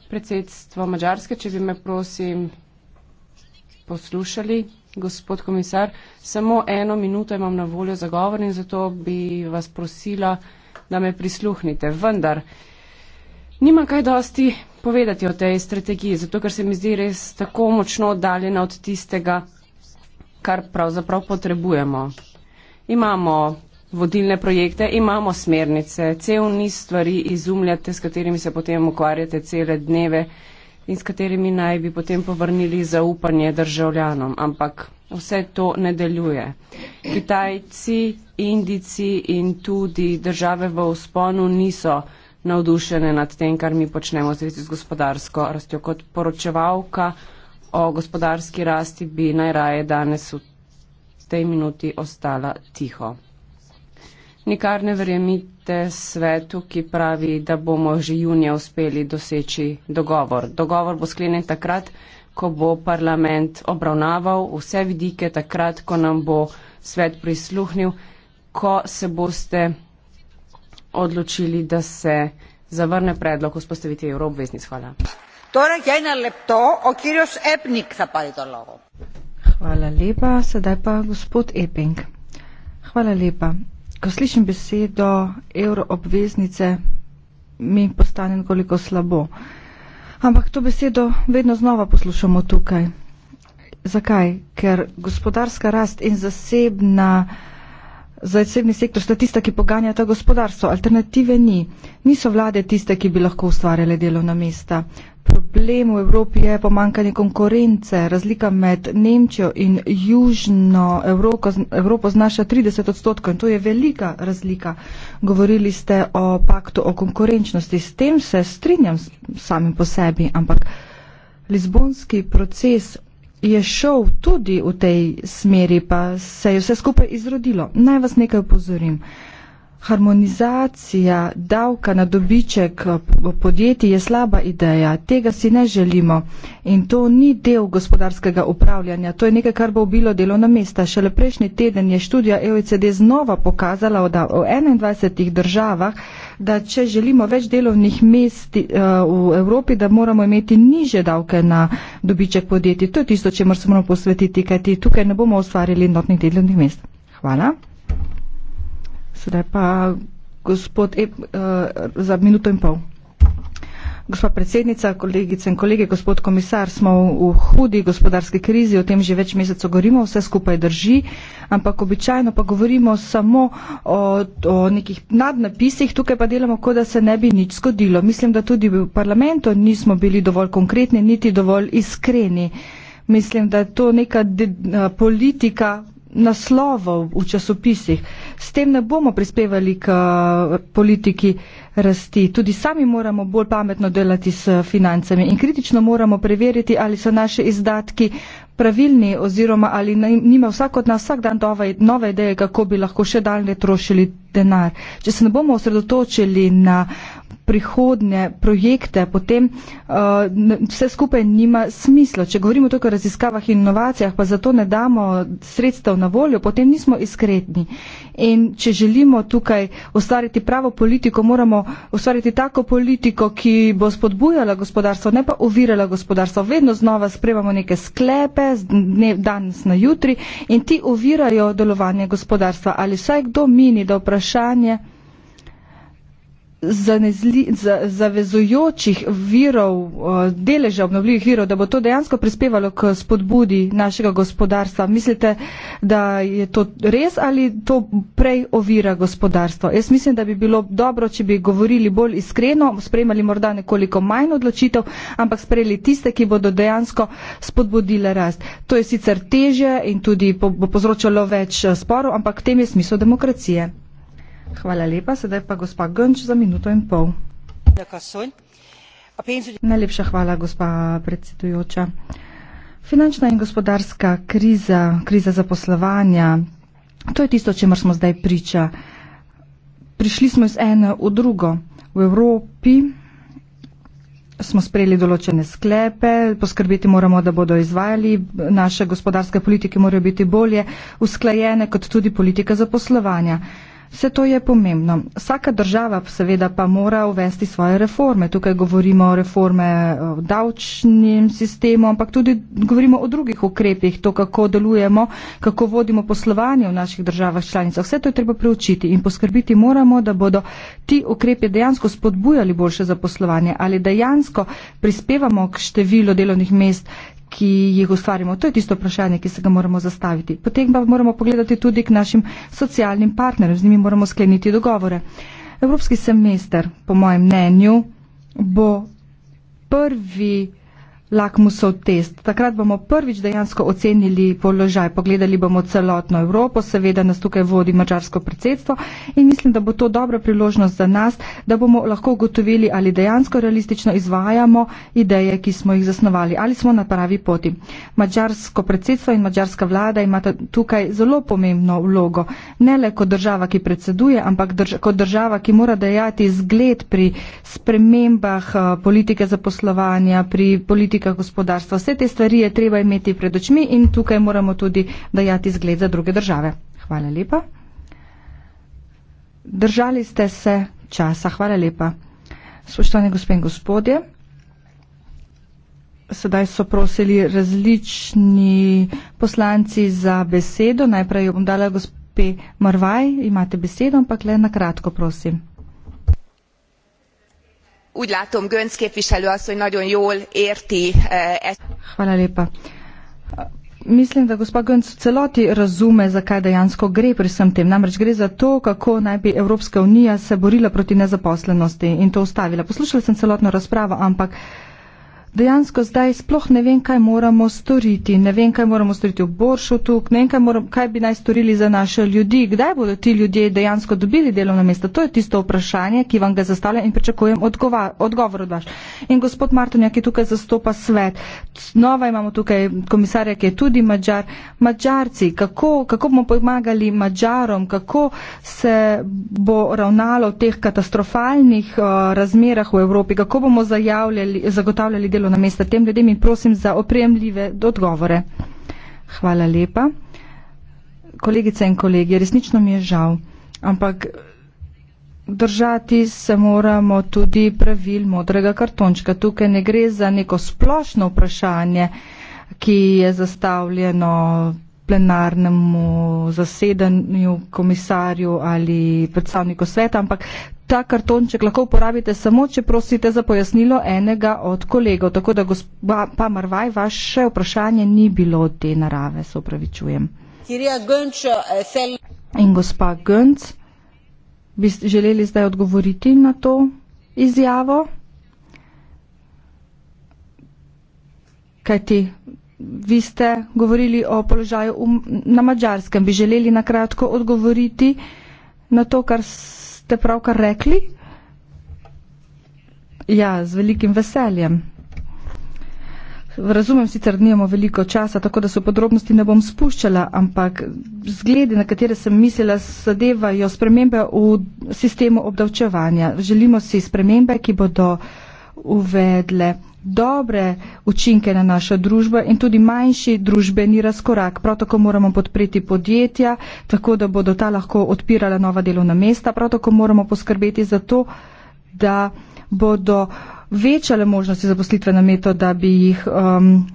predsedstvo Mačarske, če bi me prosim poslušali, gospod komisar. Samo eno minuto imam na voljo za govor in zato bi vas prosila, da me prisluhnite. Vendar, nima kaj dosti povedati o tej strategiji, zato ker se mi zdi res tako močno oddaljena od tistega, kar pravzaprav potrebujemo. Imamo vodilne projekte, imamo smernice, cel niz stvari izumljate, s katerimi se potem ukvarjate cele dneve in s katerimi naj bi potem povrnili zaupanje državljanom. Ampak vse to ne deluje. Kitajci, Indici in tudi države v usponu niso navdušene nad tem, kar mi počnemo v zvezi z gospodarsko rastjo. Kot poročevalka o gospodarski rasti bi najraje danes v tej minuti ostala tiho. Nikar ne verjemite svetu, ki pravi, da bomo že junija uspeli doseči dogovor. Dogovor bo sklenjen takrat, ko bo parlament obravnaval vse vidike, takrat, ko nam bo svet prisluhnil, ko se boste odločili, da se zavrne predlog o spostavitvi evroobveznic. Hvala. Torej, ja, Hvala lepa, sedaj pa gospod Epping. Hvala lepa ko slišim besedo evroobveznice, mi postane nekoliko slabo. Ampak to besedo vedno znova poslušamo tukaj. Zakaj? Ker gospodarska rast in zasebna, zasebni sektor sta tista, ki poganja ta gospodarstvo. Alternative ni. Niso vlade tiste, ki bi lahko ustvarjale delovna mesta problem v Evropi je pomankanje konkurence. Razlika med Nemčijo in Južno Evropo, Evropo znaša 30 odstotkov in to je velika razlika. Govorili ste o paktu o konkurenčnosti. S tem se strinjam samim po sebi, ampak Lizbonski proces je šel tudi v tej smeri, pa se je vse skupaj izrodilo. Naj vas nekaj upozorim harmonizacija davka na dobiček eh, podjetij je slaba ideja. Tega si ne želimo in to ni del gospodarskega upravljanja. To je nekaj, kar bo ubilo delo na mesta. Šele prejšnji teden je študija EOCD e znova pokazala v 21 državah, da če želimo več delovnih mest eh, v Evropi, da moramo imeti niže davke na dobiček podjetij. To je tisto, čemer se moramo posvetiti, kajti tukaj ne bomo ustvarili notnih delovnih mest. Hvala. Sedaj pa gospod e, uh, za minuto in pol. Gospa predsednica, kolegice in kolege, gospod komisar, smo v hudi gospodarski krizi, o tem že več mesecev govorimo, vse skupaj drži, ampak običajno pa govorimo samo o, o nekih nadnapisih, tukaj pa delamo, kot da se ne bi nič zgodilo. Mislim, da tudi v parlamentu nismo bili dovolj konkretni, niti dovolj iskreni. Mislim, da je to neka de, eh, politika naslovov v časopisih. S tem ne bomo prispevali k eh, politiki rasti. Tudi sami moramo bolj pametno delati s financami in kritično moramo preveriti, ali so naše izdatki pravilni oziroma ali nima vsak od nas vsak dan dove, nove ideje, kako bi lahko še daljne trošili denar. Če se ne bomo osredotočili na prihodne projekte, potem uh, vse skupaj nima smisla. Če govorimo tukaj o raziskavah in inovacijah, pa zato ne damo sredstev na voljo, potem nismo iskretni. In če želimo tukaj ustvariti pravo politiko, moramo ustvariti tako politiko, ki bo spodbujala gospodarstvo, ne pa ovirala gospodarstvo. Vedno znova sprejemamo neke sklepe, dne, danes na jutri, in ti ovirajo delovanje gospodarstva. Ali vsaj kdo meni, da vprašanje zanezli, za, zavezujočih virov, eh, deleža obnovljivih virov, da bo to dejansko prispevalo k spodbudi našega gospodarstva. Mislite, da je to res ali to prej ovira gospodarstvo? Jaz mislim, da bi bilo dobro, če bi govorili bolj iskreno, sprejemali morda nekoliko manj odločitev, ampak sprejeli tiste, ki bodo dejansko spodbudile rast. To je sicer teže in tudi bo povzročalo več eh, sporov, ampak tem je smisel demokracije. Hvala lepa. Sedaj pa gospa Gönč za minuto in pol. Najlepša hvala, gospa predsedujoča. Finančna in gospodarska kriza, kriza zaposlovanja, to je tisto, čemer smo zdaj priča. Prišli smo iz ene v drugo. V Evropi smo sprejeli določene sklepe, poskrbeti moramo, da bodo izvajali, naše gospodarske politike morajo biti bolje usklajene, kot tudi politika zaposlovanja. Vse to je pomembno. Vsaka država seveda pa mora uvesti svoje reforme. Tukaj govorimo o reforme v davčnem sistemu, ampak tudi govorimo o drugih ukrepih, to kako delujemo, kako vodimo poslovanje v naših državah članicah. Vse to je treba preučiti in poskrbiti moramo, da bodo ti ukrepi dejansko spodbujali boljše zaposlovanje ali dejansko prispevamo k številu delovnih mest, ki jih ustvarimo. To je tisto vprašanje, ki se ga moramo zastaviti. Potem pa moramo pogledati tudi k našim socialnim partnerjem, z njimi moramo skleniti dogovore. Evropski semester, po mojem mnenju, bo prvi lakmusov test. Takrat bomo prvič dejansko ocenili položaj. Pogledali bomo celotno Evropo, seveda nas tukaj vodi mačarsko predsedstvo in mislim, da bo to dobra priložnost za nas, da bomo lahko ugotovili, ali dejansko realistično izvajamo ideje, ki smo jih zasnovali, ali smo na pravi poti. Mačarsko predsedstvo in mačarska vlada imata tukaj zelo pomembno vlogo, ne le kot država, ki predseduje, ampak drž kot država, ki mora dajati zgled pri spremembah uh, politike zaposlovanja, pri politike politika, gospodarstvo. Vse te stvari je treba imeti pred očmi in tukaj moramo tudi dajati zgled za druge države. Hvala lepa. Držali ste se časa. Hvala lepa. Spoštovane gospe in gospodje, sedaj so prosili različni poslanci za besedo. Najprej jo bom dala gospe Marvaj. Imate besedo, ampak le na kratko, prosim úgy látom göncz képviselő asszony nagyon jól érti eh, ezt. Mislim, da gospa Gönc v celoti razume, zakaj dejansko gre pri vsem tem. Namreč gre za to, kako naj bi Evropska unija se borila proti nezaposlenosti in to ustavila. Poslušala sem celotno razpravo, ampak dejansko zdaj sploh ne vem, kaj moramo storiti. Ne vem, kaj moramo storiti v Boršu tukaj, ne vem, kaj, moram, kaj bi naj storili za naše ljudi. Kdaj bodo ti ljudje dejansko dobili delovna mesta? To je tisto vprašanje, ki vam ga zastavljam in pričakujem odgovor od vas. In gospod Martonja, ki tukaj zastopa svet, znova imamo tukaj komisarja, ki je tudi mačar. Mačarci, kako, kako bomo pomagali mačarom, kako se bo ravnalo v teh katastrofalnih uh, razmerah v Evropi, kako bomo zagotavljali delovna mesta? delo na mesta tem ljudem in prosim za opremljive odgovore. Hvala lepa. Kolegice in kolegi, resnično mi je žal, ampak držati se moramo tudi pravil modrega kartončka. Tukaj ne gre za neko splošno vprašanje, ki je zastavljeno plenarnemu zasedanju, komisarju ali predstavniku sveta, ampak ta kartonček lahko uporabite samo, če prosite za pojasnilo enega od kolegov. Tako da, gospa pa Marvaj, vaše vprašanje ni bilo te narave, se upravičujem. Eh, In gospa Gönc, bi želeli zdaj odgovoriti na to izjavo? Kajti, vi ste govorili o položaju um- na mačarskem, bi želeli na kratko odgovoriti na to, kar se ste pravkar rekli? Ja, z velikim veseljem. Razumem sicer, nijemo veliko časa, tako da se podrobnosti ne bom spuščala, ampak zglede, na katere sem mislila, zadevajo spremembe v sistemu obdavčevanja. Želimo si spremembe, ki bodo uh, uvedle dobre učinke na našo družbo in tudi manjši družbeni razkorak. Prav tako moramo podpreti podjetja, tako da bodo ta lahko odpirala nova delovna mesta. Prav tako moramo poskrbeti za to, da bodo večale možnosti zaposlitve na meto, da bi jih um,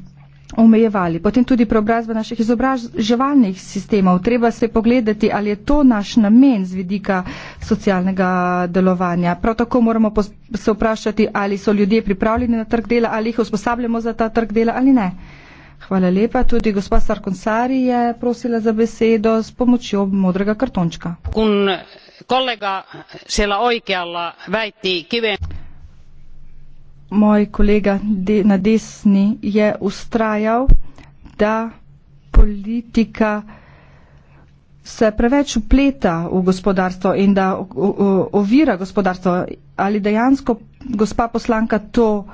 omejevali. Potem tudi preobrazba naših izobraževalnih sistemov. Treba se pogledati, ali je to naš namen z vidika socialnega delovanja. Prav tako moramo se vprašati, ali so ljudje pripravljeni na trg dela, ali jih usposabljamo za ta trg dela ali ne. Hvala lepa. Tudi gospa Sarkonsari je prosila za besedo s pomočjo modrega kartončka. Kun kolega sela ojkjala väiti kiven moj kolega de, na desni je ustrajal, da politika se preveč upleta v gospodarstvo in da ovira gospodarstvo. Ali dejansko gospa poslanka to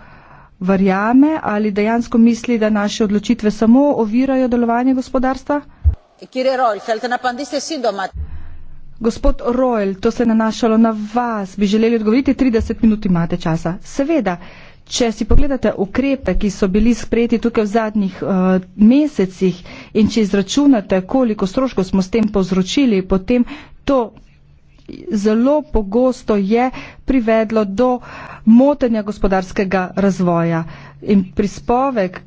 verjame ali dejansko misli, da naše odločitve samo ovirajo delovanje gospodarstva? Gospod Royl, to se je nanašalo na vas. Bi želeli odgovoriti? 30 minut imate časa. Seveda. Uh, Če si pogledate ukrepe, ki so bili sprejeti tukaj v zadnjih uh, mesecih in če izračunate, koliko stroškov smo s tem povzročili, potem to zelo pogosto je privedlo do motenja gospodarskega razvoja. In prispevek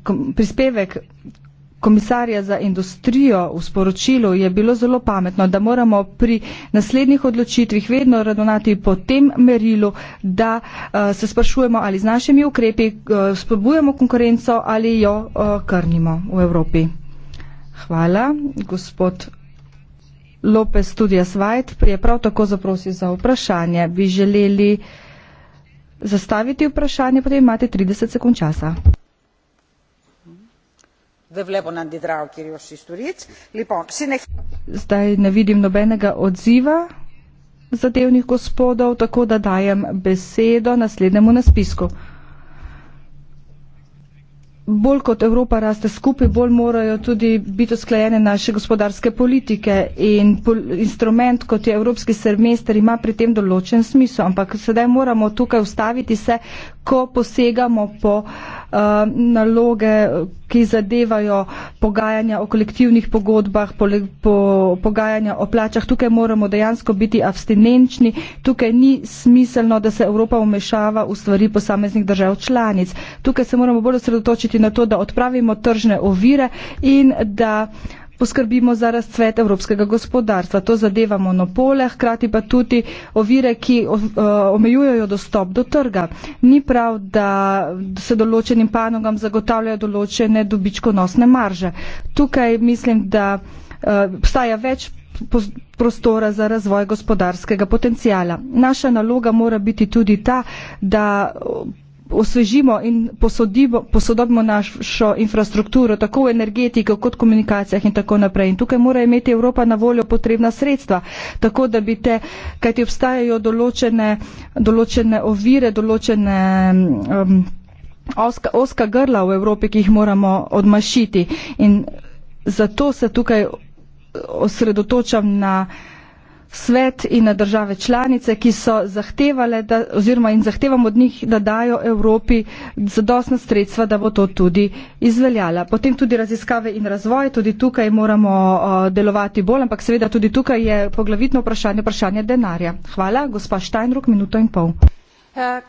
komisarja za industrijo v sporočilu je bilo zelo pametno, da moramo pri naslednjih odločitvih vedno radonati po tem merilu, da uh, se sprašujemo, ali z našimi ukrepi uh, spodbujamo konkurenco ali jo uh, krnimo v Evropi. Hvala, gospod. Lopez Studija Svajt je prav tako zaprosil za vprašanje. Bi želeli zastaviti vprašanje, potem imate 30 sekund časa. Zdaj ne vidim nobenega odziva zadevnih gospodov, tako da dajem besedo naslednjemu na spisku. Bolj kot Evropa raste skupaj, bolj morajo tudi biti usklajene naše gospodarske politike in pol, instrument, kot je evropski semester, ima pri tem določen smisel. Ampak sedaj moramo tukaj ustaviti se, ko posegamo po uh, naloge, ki zadevajo pogajanja o kolektivnih pogodbah, po, po, pogajanja o plačah. Tukaj moramo dejansko biti abstinenčni. Tukaj ni smiselno, da se Evropa umešava v stvari posameznih držav članic. Tukaj se moramo bolj osredotočiti na to, da odpravimo tržne ovire in da poskrbimo za razcvet evropskega gospodarstva. To zadeva monopole, hkrati pa tudi ovire, ki omejujejo dostop do trga. Ni prav, da se določenim panogam zagotavljajo določene dobičkonosne marže. Tukaj mislim, da e, obstaja več prostora za razvoj gospodarskega potencijala. Naša naloga mora biti tudi ta, da osvežimo in posodimo, posodobimo našo infrastrukturo, tako v energetiki, kot v komunikacijah in tako naprej. In tukaj mora imeti Evropa na voljo potrebna sredstva, tako da bi te, kajti obstajajo določene, določene ovire, določene. Um, Oska, oska grla v Evropi, ki jih moramo odmašiti. In zato se tukaj osredotočam na svet in na države članice, ki so zahtevale da, oziroma in zahtevam od njih, da dajo Evropi zadostna sredstva, da bo to tudi izveljala. Potem tudi raziskave in razvoj, tudi tukaj moramo uh, delovati bolj, ampak seveda tudi tukaj je poglavitno vprašanje, vprašanje denarja. Hvala, gospa Steinruck, minuto in pol. E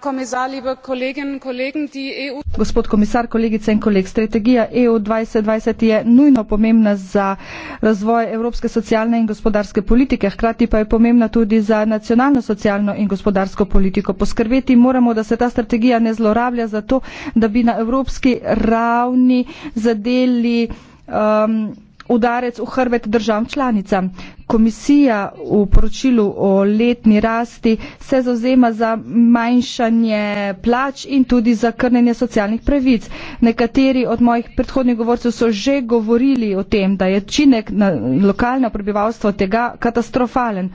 gospod komisar kolegice in kolegi strategija eu dva tisoč dvajset je nujno pomembna za razvoj evropske socialne in gospodarske politike hkrati pa je pomembna tudi za nacionalno socialno in gospodarsko politiko poskrbeti moramo da se ta strategija ne zlorablja zato da bi na evropski ravni zadeli um, udarec v hrbet državam članicam. Komisija v poročilu o letni rasti se zauzema za manjšanje plač in tudi za krnenje socialnih pravic. Nekateri od mojih predhodnih govorcev so že govorili o tem, da je činek na lokalno prebivalstvo tega katastrofalen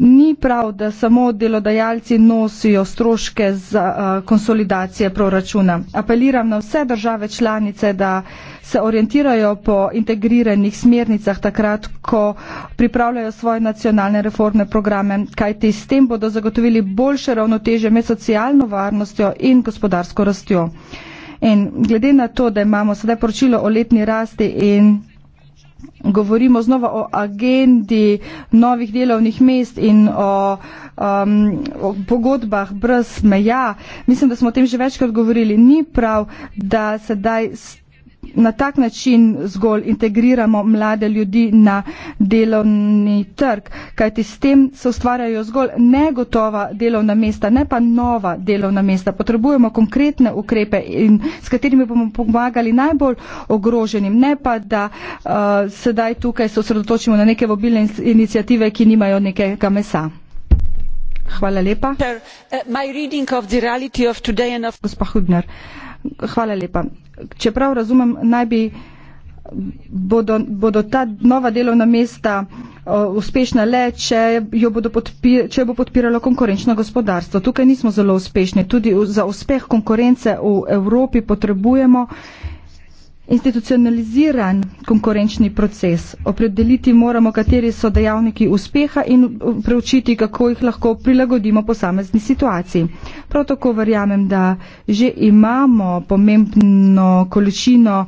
ni prav, da samo delodajalci nosijo stroške za eh, konsolidacije proračuna. Apeliram na vse države članice, da se orientirajo po integriranih smernicah takrat, ko pripravljajo svoje nacionalne reformne programe, kajti s tem bodo zagotovili boljše ravnoteže med socialno varnostjo in gospodarsko rastjo. In glede na to, da imamo sedaj poročilo o letni rasti in govorimo znova o agendi novih delovnih mest in o, um, o pogodbah brez meja. Mislim, da smo o tem že večkrat govorili. Ni prav, da sedaj na tak način zgolj integriramo mlade ljudi na delovni trg, kajti s tem se ustvarjajo zgolj negotova delovna mesta, ne pa nova delovna mesta. Potrebujemo konkretne ukrepe, in, s katerimi bomo pomagali najbolj ogroženim, ne pa da uh, sedaj tukaj se osredotočimo na neke mobilne inicijative, ki nimajo nekega mesa. Hvala lepa. Uh, Gospa Hübner, hvala lepa čeprav razumem, naj bi bodo, bodo ta nova delovna mesta uspešna le, če jo bodo podpir, če bo podpiralo konkurenčno gospodarstvo. Tukaj nismo zelo uspešni. Tudi za uspeh konkurence v Evropi potrebujemo institucionaliziran konkurenčni proces. Opredeliti moramo, kateri so dejavniki uspeha in preučiti, kako jih lahko prilagodimo posamezni situaciji. Prav tako verjamem, da že imamo pomembno količino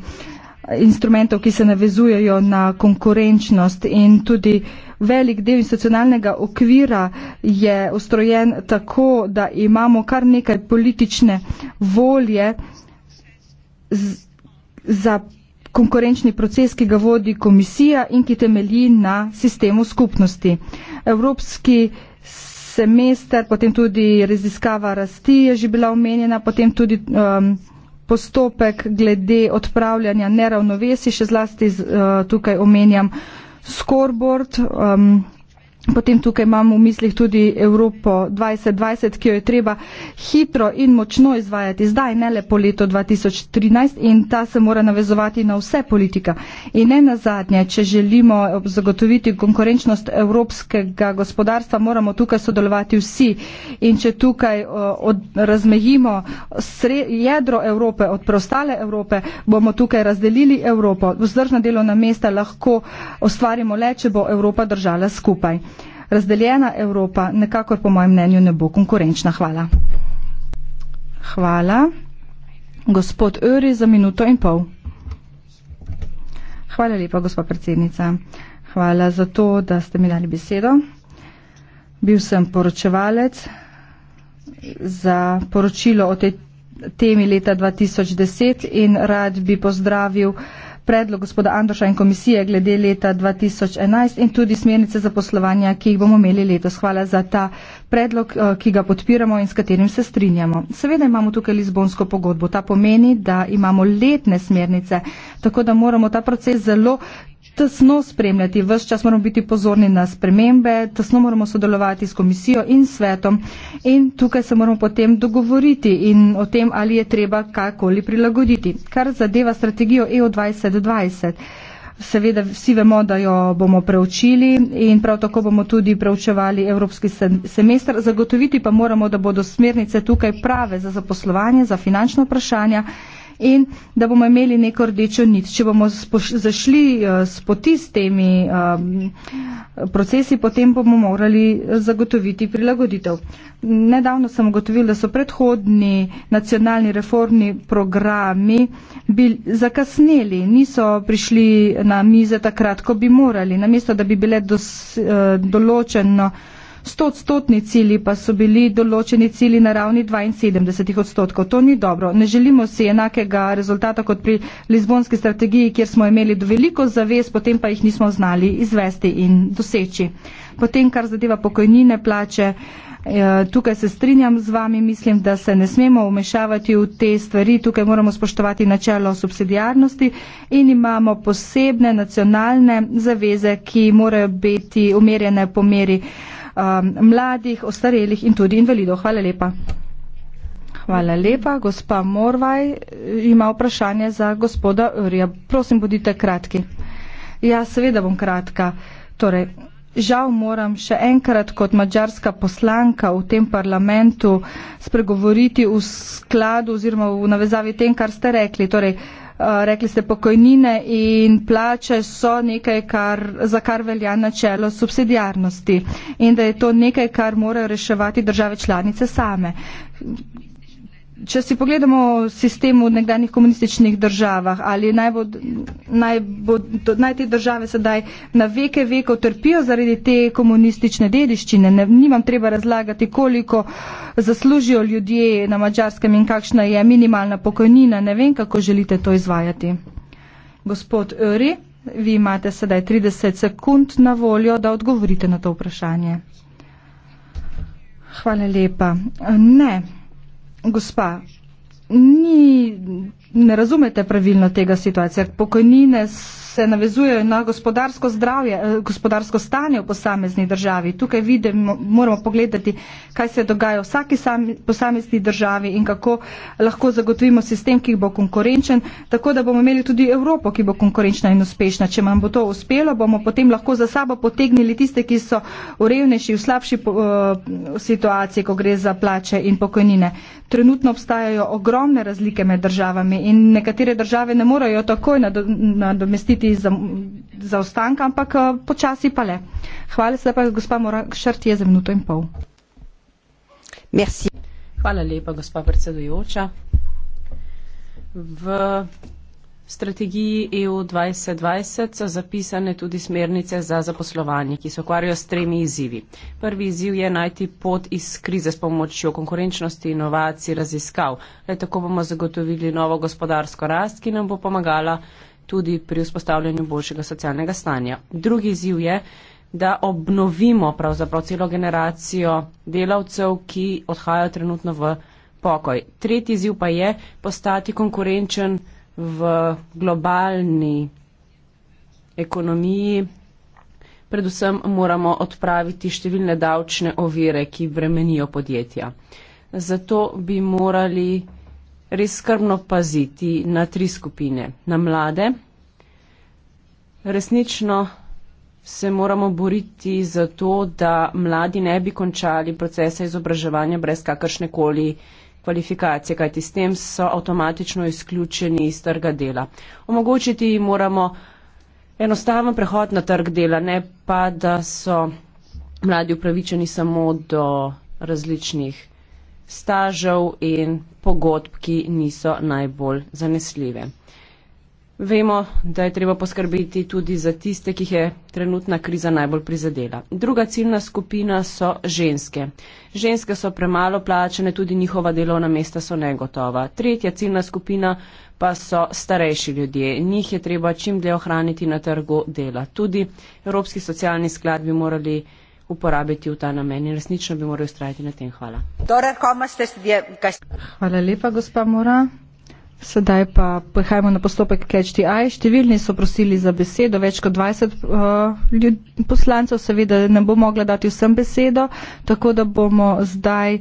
instrumentov, ki se navezujejo na konkurenčnost in tudi velik del institucionalnega okvira je ustrojen tako, da imamo kar nekaj politične volje. Z, za konkurenčni proces, ki ga vodi komisija in ki temelji na sistemu skupnosti. Evropski semester, potem tudi raziskava rasti je že bila omenjena, potem tudi um, postopek glede odpravljanja neravnovesi, še zlasti z, uh, tukaj omenjam scoreboard. Um, Potem tukaj imamo v mislih tudi Evropo 2020, ki jo je treba hitro in močno izvajati zdaj, ne le po leto 2013 in ta se mora navezovati na vse politika. In ne na zadnje, če želimo zagotoviti konkurenčnost evropskega gospodarstva, moramo tukaj sodelovati vsi. In če tukaj razmehimo jedro Evrope od preostale Evrope, bomo tukaj razdelili Evropo. Vzdržna delovna mesta lahko ustvarimo le, če bo Evropa držala skupaj razdeljena Evropa nekakor po mojem mnenju ne bo konkurenčna. Hvala. Hvala. Gospod Öri za minuto in pol. Hvala lepa, gospod predsednica. Hvala za to, da ste mi dali besedo. Bil sem poročevalec za poročilo o tej temi leta 2010 in rad bi pozdravil uh, predlog gospoda Andoša in komisije glede leta 2011 in tudi smernice za poslovanje, ki jih bomo imeli letos. Hvala za ta predlog, eh, ki ga podpiramo in s katerim se strinjamo. Seveda imamo tukaj Lizbonsko pogodbo. Ta pomeni, da imamo letne smernice, tako da moramo ta proces zelo tesno spremljati, vse čas moramo biti pozorni na spremembe, tesno moramo sodelovati s komisijo in svetom in tukaj se moramo potem dogovoriti in o tem, ali je treba kakoli prilagoditi. Kar zadeva strategijo EU 2020. Seveda vsi vemo, da jo bomo preučili in prav tako bomo tudi preučevali evropski semester. Zagotoviti pa moramo, da bodo smernice tukaj prave za zaposlovanje, za finančno vprašanje in da bomo imeli neko rdečo nit. Če bomo zašli eh, s poti s temi ehm, procesi, potem bomo morali zagotoviti prilagoditev. Nedavno sem ugotovil, da so predhodni nacionalni reformni programi bili zakasneli, niso prišli na mize takrat, ko bi morali, namesto da bi bile dos, eh, določeno 100-odstotni cilji pa so bili določeni cilji na ravni 72 odstotkov. To ni dobro. Ne želimo si enakega rezultata kot pri Lizbonski strategiji, kjer smo imeli veliko zavez, potem pa jih nismo znali izvesti in doseči. Potem, kar zadeva pokojnine, plače, eh, tukaj se strinjam z vami, mislim, da se ne smemo umešavati v te stvari, tukaj moramo spoštovati načelo subsidijarnosti in imamo posebne nacionalne zaveze, ki morajo biti umerjene po meri um, mladih, ostarelih in tudi invalidov. Hvala lepa. Hvala lepa. Gospa Morvaj eh, ima vprašanje za gospoda Urija. Prosim, bodite kratki. Ja, seveda bom kratka. Torej, žal moram še enkrat kot mađarska poslanka v tem parlamentu spregovoriti v skladu oziroma v navezavi tem, kar ste rekli. Torej, uh, Eh, rekli ste pokojnine in plače so nekaj, kar, za kar velja načelo subsidijarnosti in da je to nekaj, kar morajo reševati države članice same. Če si pogledamo sistem v nekdanjih komunističnih državah, ali naj, bo, naj, bo, to, naj te države sedaj na veke veke utrpijo zaradi te komunistične dediščine, ne, nimam treba razlagati, koliko zaslužijo ljudje na mačarskem in kakšna je minimalna pokojnina, ne vem, kako želite to izvajati. Gospod Öri, vi imate sedaj 30 sekund na voljo, da odgovorite na to vprašanje. Hvala lepa. Ne. Gospa, ni, ne razumete pravilno tega situacija. Pokojnine se navezujejo na gospodarsko zdravje, eh, gospodarsko stanje v posamezni državi. Tukaj vidimo, moramo pogledati, kaj se dogaja v vsaki sami, posamezni državi in kako lahko zagotovimo sistem, ki bo konkurenčen, tako da bomo imeli tudi Evropo, ki bo konkurenčna in uspešna. Če nam bo to uspelo, bomo potem lahko za sabo potegnili tiste, ki so v revnejši, v slabši uh, situaciji, ko gre za plače in pokojnine. Trenutno obstajajo ogromne razlike med državami in nekatere države ne morejo takoj nadomestiti biti zaostanka, za ampak eh, počasi pa le. Hvala se pa, gospa Morakšrt je za minuto in pol. Merci. Hvala lepa, gospa predsedujoča. V strategiji EU 2020 so zapisane tudi smernice za zaposlovanje, ki se ukvarjajo s tremi izzivi. Prvi izziv je najti pot iz krize s pomočjo konkurenčnosti, inovacij, raziskav. Le tako bomo zagotovili novo gospodarsko rast, ki nam bo pomagala tudi pri vzpostavljanju boljšega socialnega stanja. Drugi izziv je, da obnovimo pravzaprav celo generacijo delavcev, ki odhajajo trenutno v pokoj. Tretji izziv pa je postati konkurenčen v globalni ekonomiji. Predvsem moramo odpraviti številne davčne ovire, ki bremenijo podjetja. Zato bi morali res skrbno paziti na tri skupine. Na mlade, resnično se moramo boriti za to, da mladi ne bi končali procesa izobraževanja brez kakršne koli kvalifikacije, kajti s tem so avtomatično izključeni iz trga dela. Omogočiti jim moramo enostaven prehod na trg dela, ne pa, da so mladi upravičeni samo do različnih stažev in pogodb, ki niso najbolj zanesljive. Vemo, da je treba poskrbeti tudi za tiste, ki jih je trenutna kriza najbolj prizadela. Druga ciljna skupina so ženske. Ženske so premalo plačene, tudi njihova delovna mesta so negotova. Tretja ciljna skupina pa so starejši ljudje. Njih je treba čim dlje ohraniti na trgu dela. Tudi Evropski socialni sklad bi morali uporabiti v ta namen in resnično bi morali ustrajati na tem. Hvala. Hvala lepa, gospa Mora. Sedaj pa prihajamo na postopek KHTI. Številni so prosili za besedo, več kot 20 uh, eh, poslancev seveda ne bo mogla dati vsem besedo, tako da bomo zdaj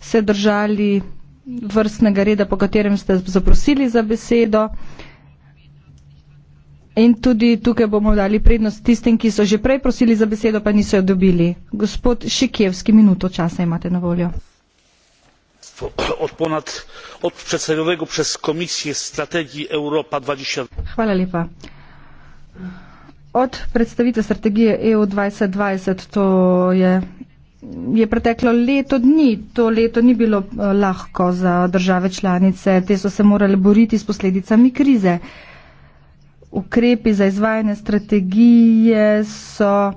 se držali vrstnega reda, po katerem ste zaprosili za besedo. Uh, In tudi tukaj bomo dali prednost tistim, ki so že prej prosili za besedo, pa niso jo dobili. Gospod Šikjevski, minuto časa imate na voljo. Od, ponad, od predstavljenega prez komisije strategije Evropa 2020. Hvala lepa. Od predstavitve strategije EU 2020 to je, je preteklo leto dni. To leto ni bilo eh, lahko za države članice. Te so se morale boriti s posledicami krize ukrepi za izvajanje strategije so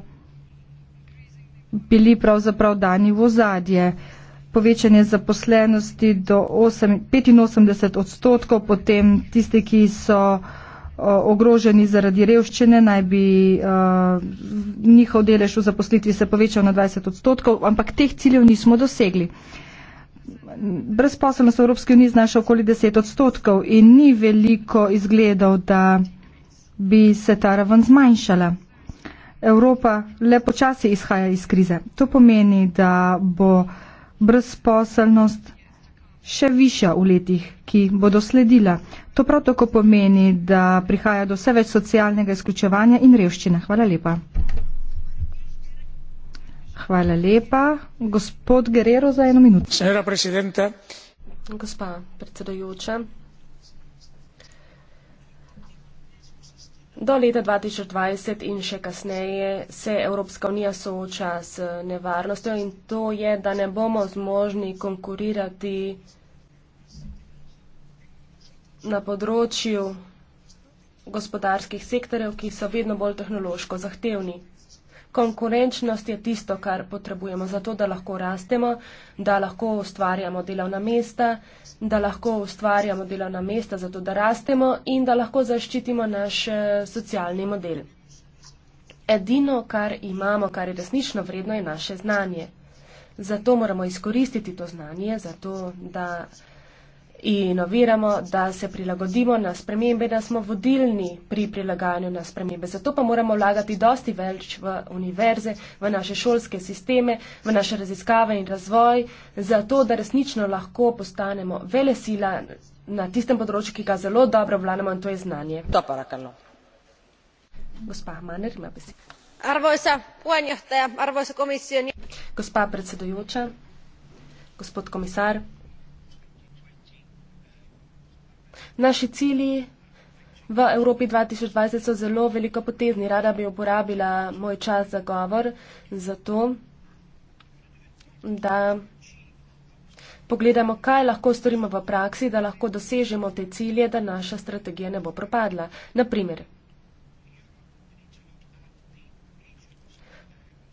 bili pravzaprav dani v ozadje. Povečanje zaposlenosti do 8, 85 odstotkov, potem tisti, ki so o, ogroženi zaradi revščine, naj bi o, njihov delež v zaposlitvi se povečal na 20 odstotkov, ampak teh ciljev nismo dosegli. Brezposelnost v Evropski uniji znaša okoli 10 odstotkov in ni veliko izgledov, da bi se ta raven zmanjšala. Evropa le počasi izhaja iz krize. To pomeni, da bo brezposelnost še višja v letih, ki bodo sledila. To prav tako pomeni, da prihaja do vse več socialnega izključevanja in revščine. Hvala lepa. Hvala lepa. Gospod Guerrero za eno minuto. Gospa predsedujoča. Do leta 2020 in še kasneje se Evropska unija sooča s nevarnostjo in to je, da ne bomo zmožni konkurirati na področju gospodarskih sektorjev, ki so vedno bolj tehnološko zahtevni konkurenčnost je tisto, kar potrebujemo za to, da lahko rastemo, da lahko ustvarjamo delovna mesta, da lahko ustvarjamo delovna mesta za to, da rastemo in da lahko zaščitimo naš eh, socialni model. Edino, kar imamo, kar je resnično vredno, je naše znanje. Zato moramo izkoristiti to znanje, zato da inoviramo, da se prilagodimo na spremembe, da smo vodilni pri prilagajanju na spremembe. Zato pa moramo vlagati dosti več v univerze, v naše šolske sisteme, v naše raziskave in razvoj, zato da resnično lahko postanemo vele sila na tistem področju, ki ga zelo dobro vlanemo in to je znanje. To pa rakalo. Gospa Maner ima besedo. Arvojsa, puanjohteja, arvojsa komisijo. Gospa predsedujoča, gospod komisar. naši cilji v Evropi 2020 so zelo veliko potezni. Rada bi uporabila moj čas za govor, zato da pogledamo, kaj lahko storimo v praksi, da lahko dosežemo te cilje, da naša strategija ne bo propadla. Naprimer,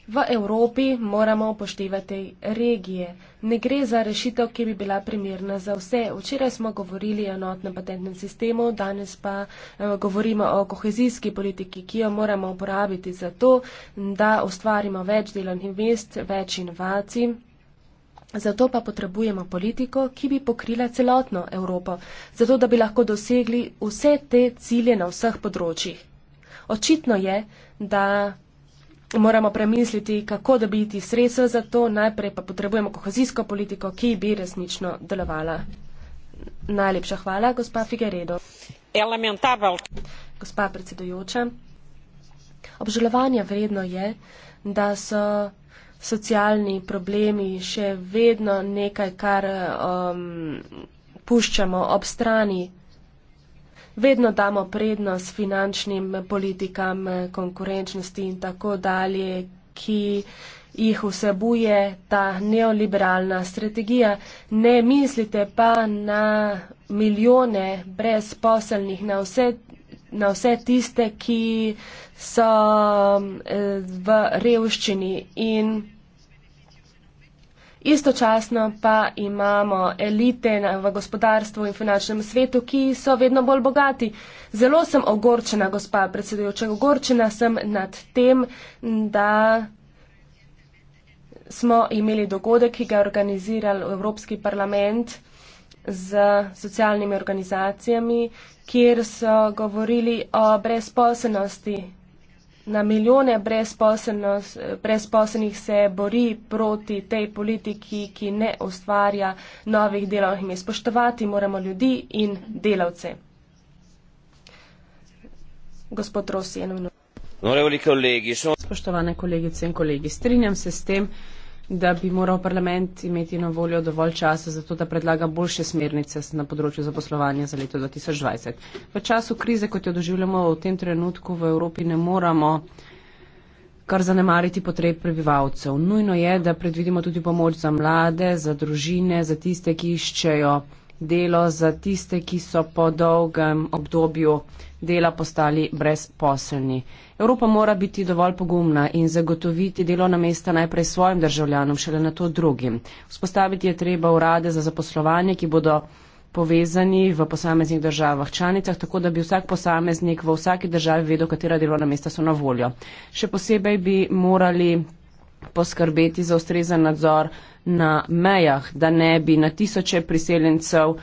V Evropi moramo upoštevati regije. Ne gre za rešitev, ki bi bila primerna za vse. Včeraj smo govorili o enotnem patentnem sistemu, danes pa eh, govorimo o kohezijski politiki, ki jo moramo uporabiti za to, da ustvarimo več delovnih mest, več inovacij. Zato pa potrebujemo politiko, ki bi pokrila celotno Evropo, zato da bi lahko dosegli vse te cilje na vseh področjih. Očitno je, da moramo premisliti, kako dobiti sredstva za to. Najprej pa potrebujemo kohezijsko politiko, ki bi resnično delovala. Najlepša hvala, gospa Figueredo. Elementabel. Gospa predsedujoča, obžalovanja vredno je, da so socialni problemi še vedno nekaj, kar um, puščamo ob strani vedno damo prednost finančnim politikam, konkurenčnosti in tako dalje, ki jih vsebuje ta neoliberalna strategija. Ne mislite pa na milijone brezposelnih, na vse, na vse tiste, ki so eh, v revščini in revščini. Istočasno pa imamo elite v gospodarstvu in finančnem svetu, ki so vedno bolj bogati. Zelo sem ogorčena, gospa predsedujoča, ogorčena sem nad tem, da smo imeli dogodek, ki ga je organiziral Evropski parlament z socialnimi organizacijami, kjer so govorili o brezposelnosti na milijone brezposelnih se bori proti tej politiki, ki ne ustvarja novih delovnih mest. Spoštovati moramo ljudi in delavce. Gospod Rosi, eno minuto. Spoštovane kolegice in kolegi, strinjam se s tem da bi moral parlament imeti na voljo dovolj časa za to, da predlaga boljše smernice na področju zaposlovanja za leto 2020. V času krize, kot jo doživljamo v tem trenutku v Evropi, ne moramo kar zanemariti potreb prebivalcev. Nujno je, da predvidimo tudi pomoč za mlade, za družine, za tiste, ki iščejo delo za tiste, ki so po dolgem obdobju dela postali brezposelni. Evropa mora biti dovolj pogumna in zagotoviti delovna mesta najprej svojim državljanom, šele na to drugim. Vzpostaviti je treba urade za zaposlovanje, ki bodo povezani v posameznih državah članicah, tako da bi vsak posameznik v vsaki državi vedel, katera delovna mesta so na voljo. Še posebej bi morali poskrbeti za ustrezen nadzor na mejah, da ne bi na tisoče priseljencev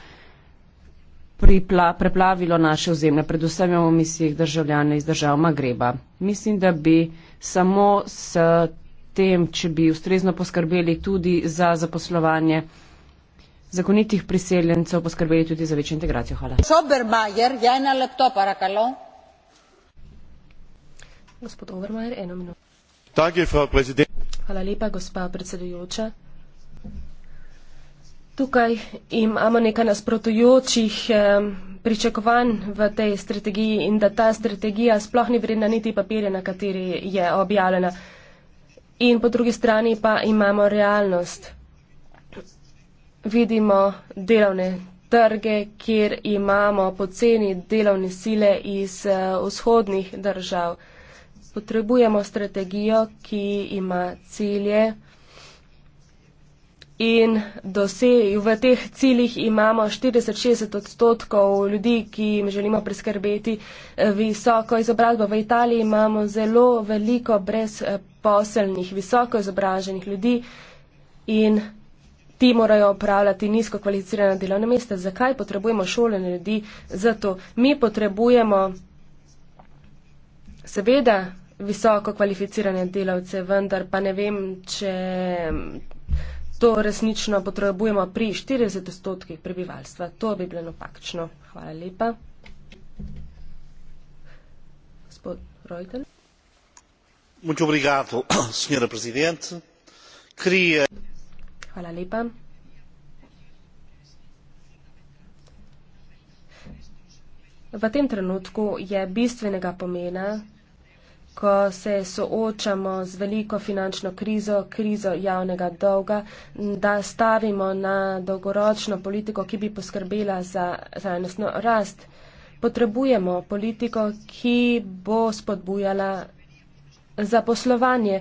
pripla, preplavilo naše ozemlje, predvsem imamo v mislih državljane iz držav Magreba. Mislim, da bi samo s tem, če bi ustrezno poskrbeli tudi za zaposlovanje zakonitih priseljencev, poskrbeli tudi za večjo integracijo. Hvala. Sobermajer, ja, ena laptopa, rakalo. Gospod Overmajer, eno minuto. Danke, Frau Präsidentin. Hvala lepa, gospa predsedujoča. Tukaj imamo nekaj nasprotujočih pričakovanj v tej strategiji in da ta strategija sploh ni vredna niti papirja, na kateri je objavljena. In po drugi strani pa imamo realnost. Vidimo delovne trge, kjer imamo poceni delovne sile iz eh, vzhodnih držav potrebujemo strategijo, ki ima cilje in dosej, v teh ciljih imamo 40-60 odstotkov ljudi, ki jim želimo preskrbeti eh, visoko izobrazbo. V Italiji imamo zelo veliko brezposelnih, visoko izobraženih ljudi in ti morajo upravljati nizko kvalificirane delovne mesta. Zakaj potrebujemo šolene ljudi? Zato mi potrebujemo. Seveda visoko kvalificirane delavce, vendar pa ne vem, če to resnično potrebujemo pri 40 odstotkih prebivalstva. To bi bilo napakčno. Hvala lepa. Gospod Reuter. Muito obrigado, senhora presidente. Queria... Hvala lepa. V tem trenutku je bistvenega pomena, ko se soočamo z veliko finančno krizo, krizo javnega dolga, da stavimo na dolgoročno politiko, ki bi poskrbela za trajnostno rast. Potrebujemo politiko, ki bo spodbujala zaposlovanje.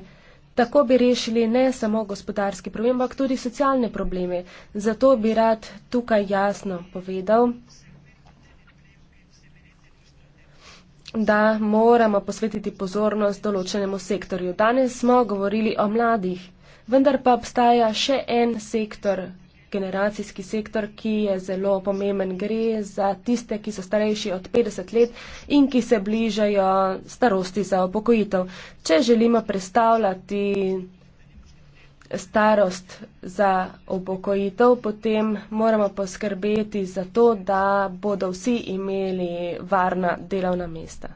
Tako bi rešili ne samo gospodarski problem, ampak tudi socialne probleme. Zato bi rad tukaj jasno povedal, da moramo posvetiti pozornost določenemu sektorju. Danes smo govorili o mladih, vendar pa obstaja še en sektor, generacijski sektor, ki je zelo pomemben. Gre za tiste, ki so starejši od 50 let in ki se bližajo starosti za upokojitev. Če želimo predstavljati starost za upokojitev, potem moramo poskrbeti za to, da bodo vsi imeli varna delovna mesta.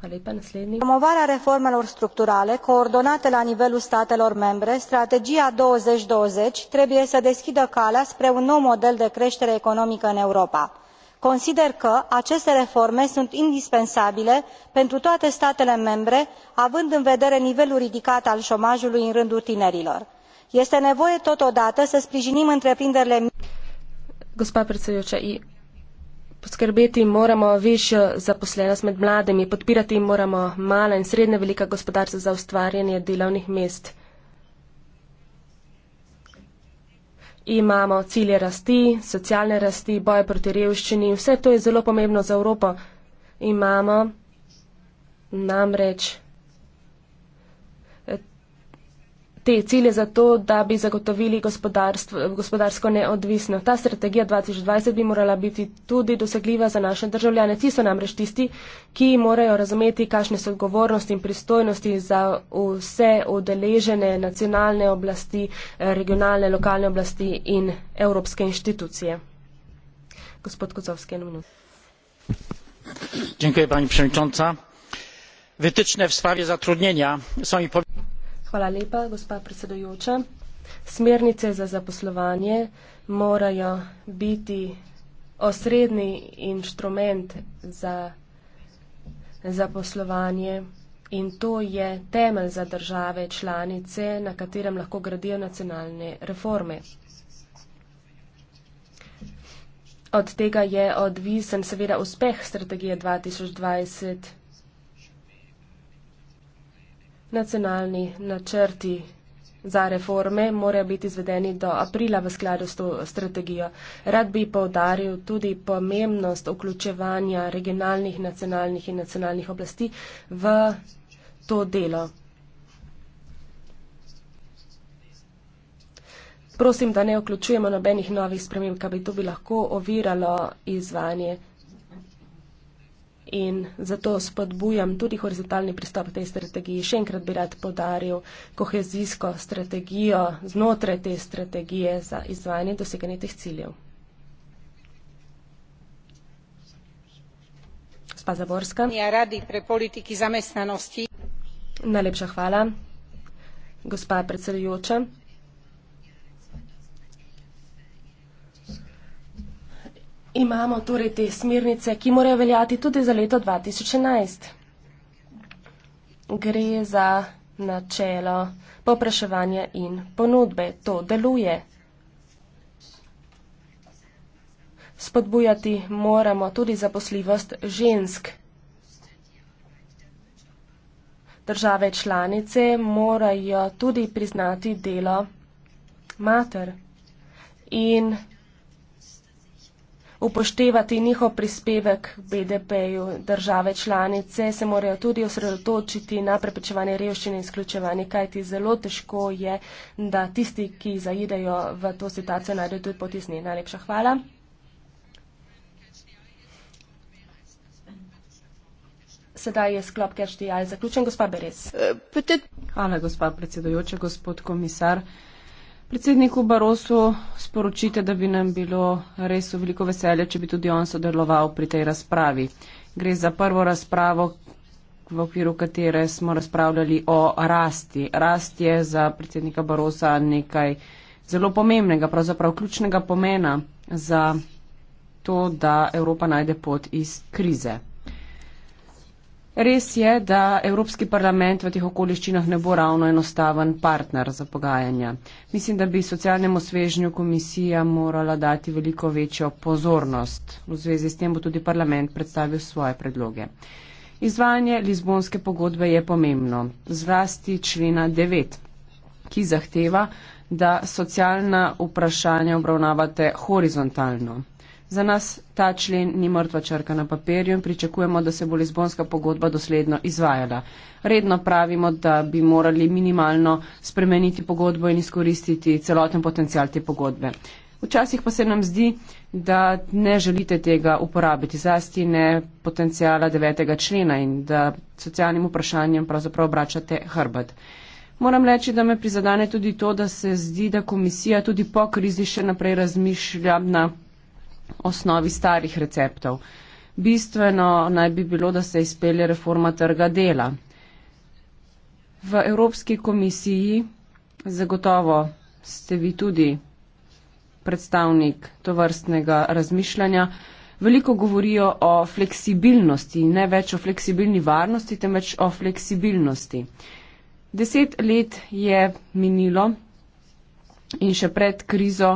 Hvala lepa, naslednji. Promovare reforme lor strukturale, coordonate la nivelul statelor membre, strategia 2020 trebuie să deschidă calea spre un nou model de creștere economică în Europa consider că aceste reforme sunt indispensabile pentru toate statele membre având în vedere nivelul ridicat al șomajului în rândul tinerilor. este nevoie totodată să sprijinim întreprinderile mici Poskrbeti moramo više eh, zaposlenost med mladimi, podpirati moramo mala in srednja velika gospodarstva za ustvarjanje delovnih mest. imamo cilje rasti, socialne rasti, boje proti revščini. Vse to je zelo pomembno za Evropo. Imamo namreč te cilje za to, da bi zagotovili gospodarsko neodvisnost. Ta strategija 2020 bi morala biti tudi dosegljiva za naše državljane. Ti so namreč tisti, ki morajo razumeti, kakšne so odgovornosti in pristojnosti za vse odeležene nacionalne oblasti, regionalne, lokalne oblasti in evropske inštitucije. Gospod Kocovski, eno minuto. Dziękuję Pani Przewodnicząca. Wytyczne w sprawie zatrudnienia są mi powiedzmy. Hvala lepa, gospa predsedujoča. Smernice za zaposlovanje morajo biti osrednji inštrument za zaposlovanje in to je temelj za države članice, na katerem lahko gradijo nacionalne reforme. Od tega je odvisen seveda uspeh strategije 2020 nacionalni načrti za reforme morajo biti izvedeni do aprila v skladu s to strategijo. Rad bi povdaril tudi pomembnost vključevanja regionalnih, nacionalnih in nacionalnih oblasti v to delo. Prosim, da ne vključujemo nobenih novih sprememb, kaj bi to bi lahko oviralo izvanje in zato spodbujam tudi horizontalni pristop tej strategiji. Še enkrat bi rad podaril kohezijsko strategijo znotraj te strategije za izvajanje doseganje teh ciljev. Spa Zaborska. Ja, radi pre politiki zamestnanosti. Najlepša hvala, gospa predsedujoča. Imamo torej te smernice, ki morajo veljati tudi za leto 2011. Gre za načelo popraševanja in ponudbe. To deluje. Spodbujati moramo tudi zaposljivost žensk. Države članice morajo tudi priznati delo mater in upoštevati njihov prispevek k BDP-ju. Države članice se morajo tudi osredotočiti na preprečevanje revščine in izključevanje, kajti zelo težko je, da tisti, ki zaidejo v to situacijo, najdejo tudi potisni. Najlepša hvala. Sedaj je sklop Kerštijal zaključen. Gospa Beres. Eh, hvala, gospa predsedujoča, gospod komisar. Predsedniku Barosu sporočite, da bi nam bilo res veliko veselje, če bi tudi on sodeloval pri tej razpravi. Gre za prvo razpravo, v okviru katere smo razpravljali o rasti. Rast je za predsednika Barosa nekaj zelo pomembnega, pravzaprav ključnega pomena za to, da Evropa najde pot iz krize. Res je, da Evropski parlament v teh okoliščinah ne bo ravno enostaven partner za pogajanja. Mislim, da bi socialnemu svežnju komisija morala dati veliko večjo pozornost. V zvezi s tem bo tudi parlament predstavil svoje predloge. Izvajanje Lizbonske pogodbe je pomembno, zlasti člena 9, ki zahteva, da socialna vprašanja obravnavate horizontalno. Za nas ta člen ni mrtva črka na papirju in pričakujemo, da se bo Lizbonska pogodba dosledno izvajala. Redno pravimo, da bi morali minimalno spremeniti pogodbo in izkoristiti celoten potencial te pogodbe. Včasih pa se nam zdi, da ne želite tega uporabiti, zlasti ne potencijala devetega člena in da socialnim vprašanjem pravzaprav obračate hrbet. Moram reči, da me prizadane tudi to, da se zdi, da komisija tudi po krizi še naprej razmišlja na osnovi starih receptov. Bistveno naj bi bilo, da se izpelje reforma trga dela. V Evropski komisiji zagotovo ste vi tudi predstavnik tovrstnega razmišljanja. Veliko govorijo o fleksibilnosti, ne več o fleksibilni varnosti, temveč o fleksibilnosti. Deset let je minilo in še pred krizo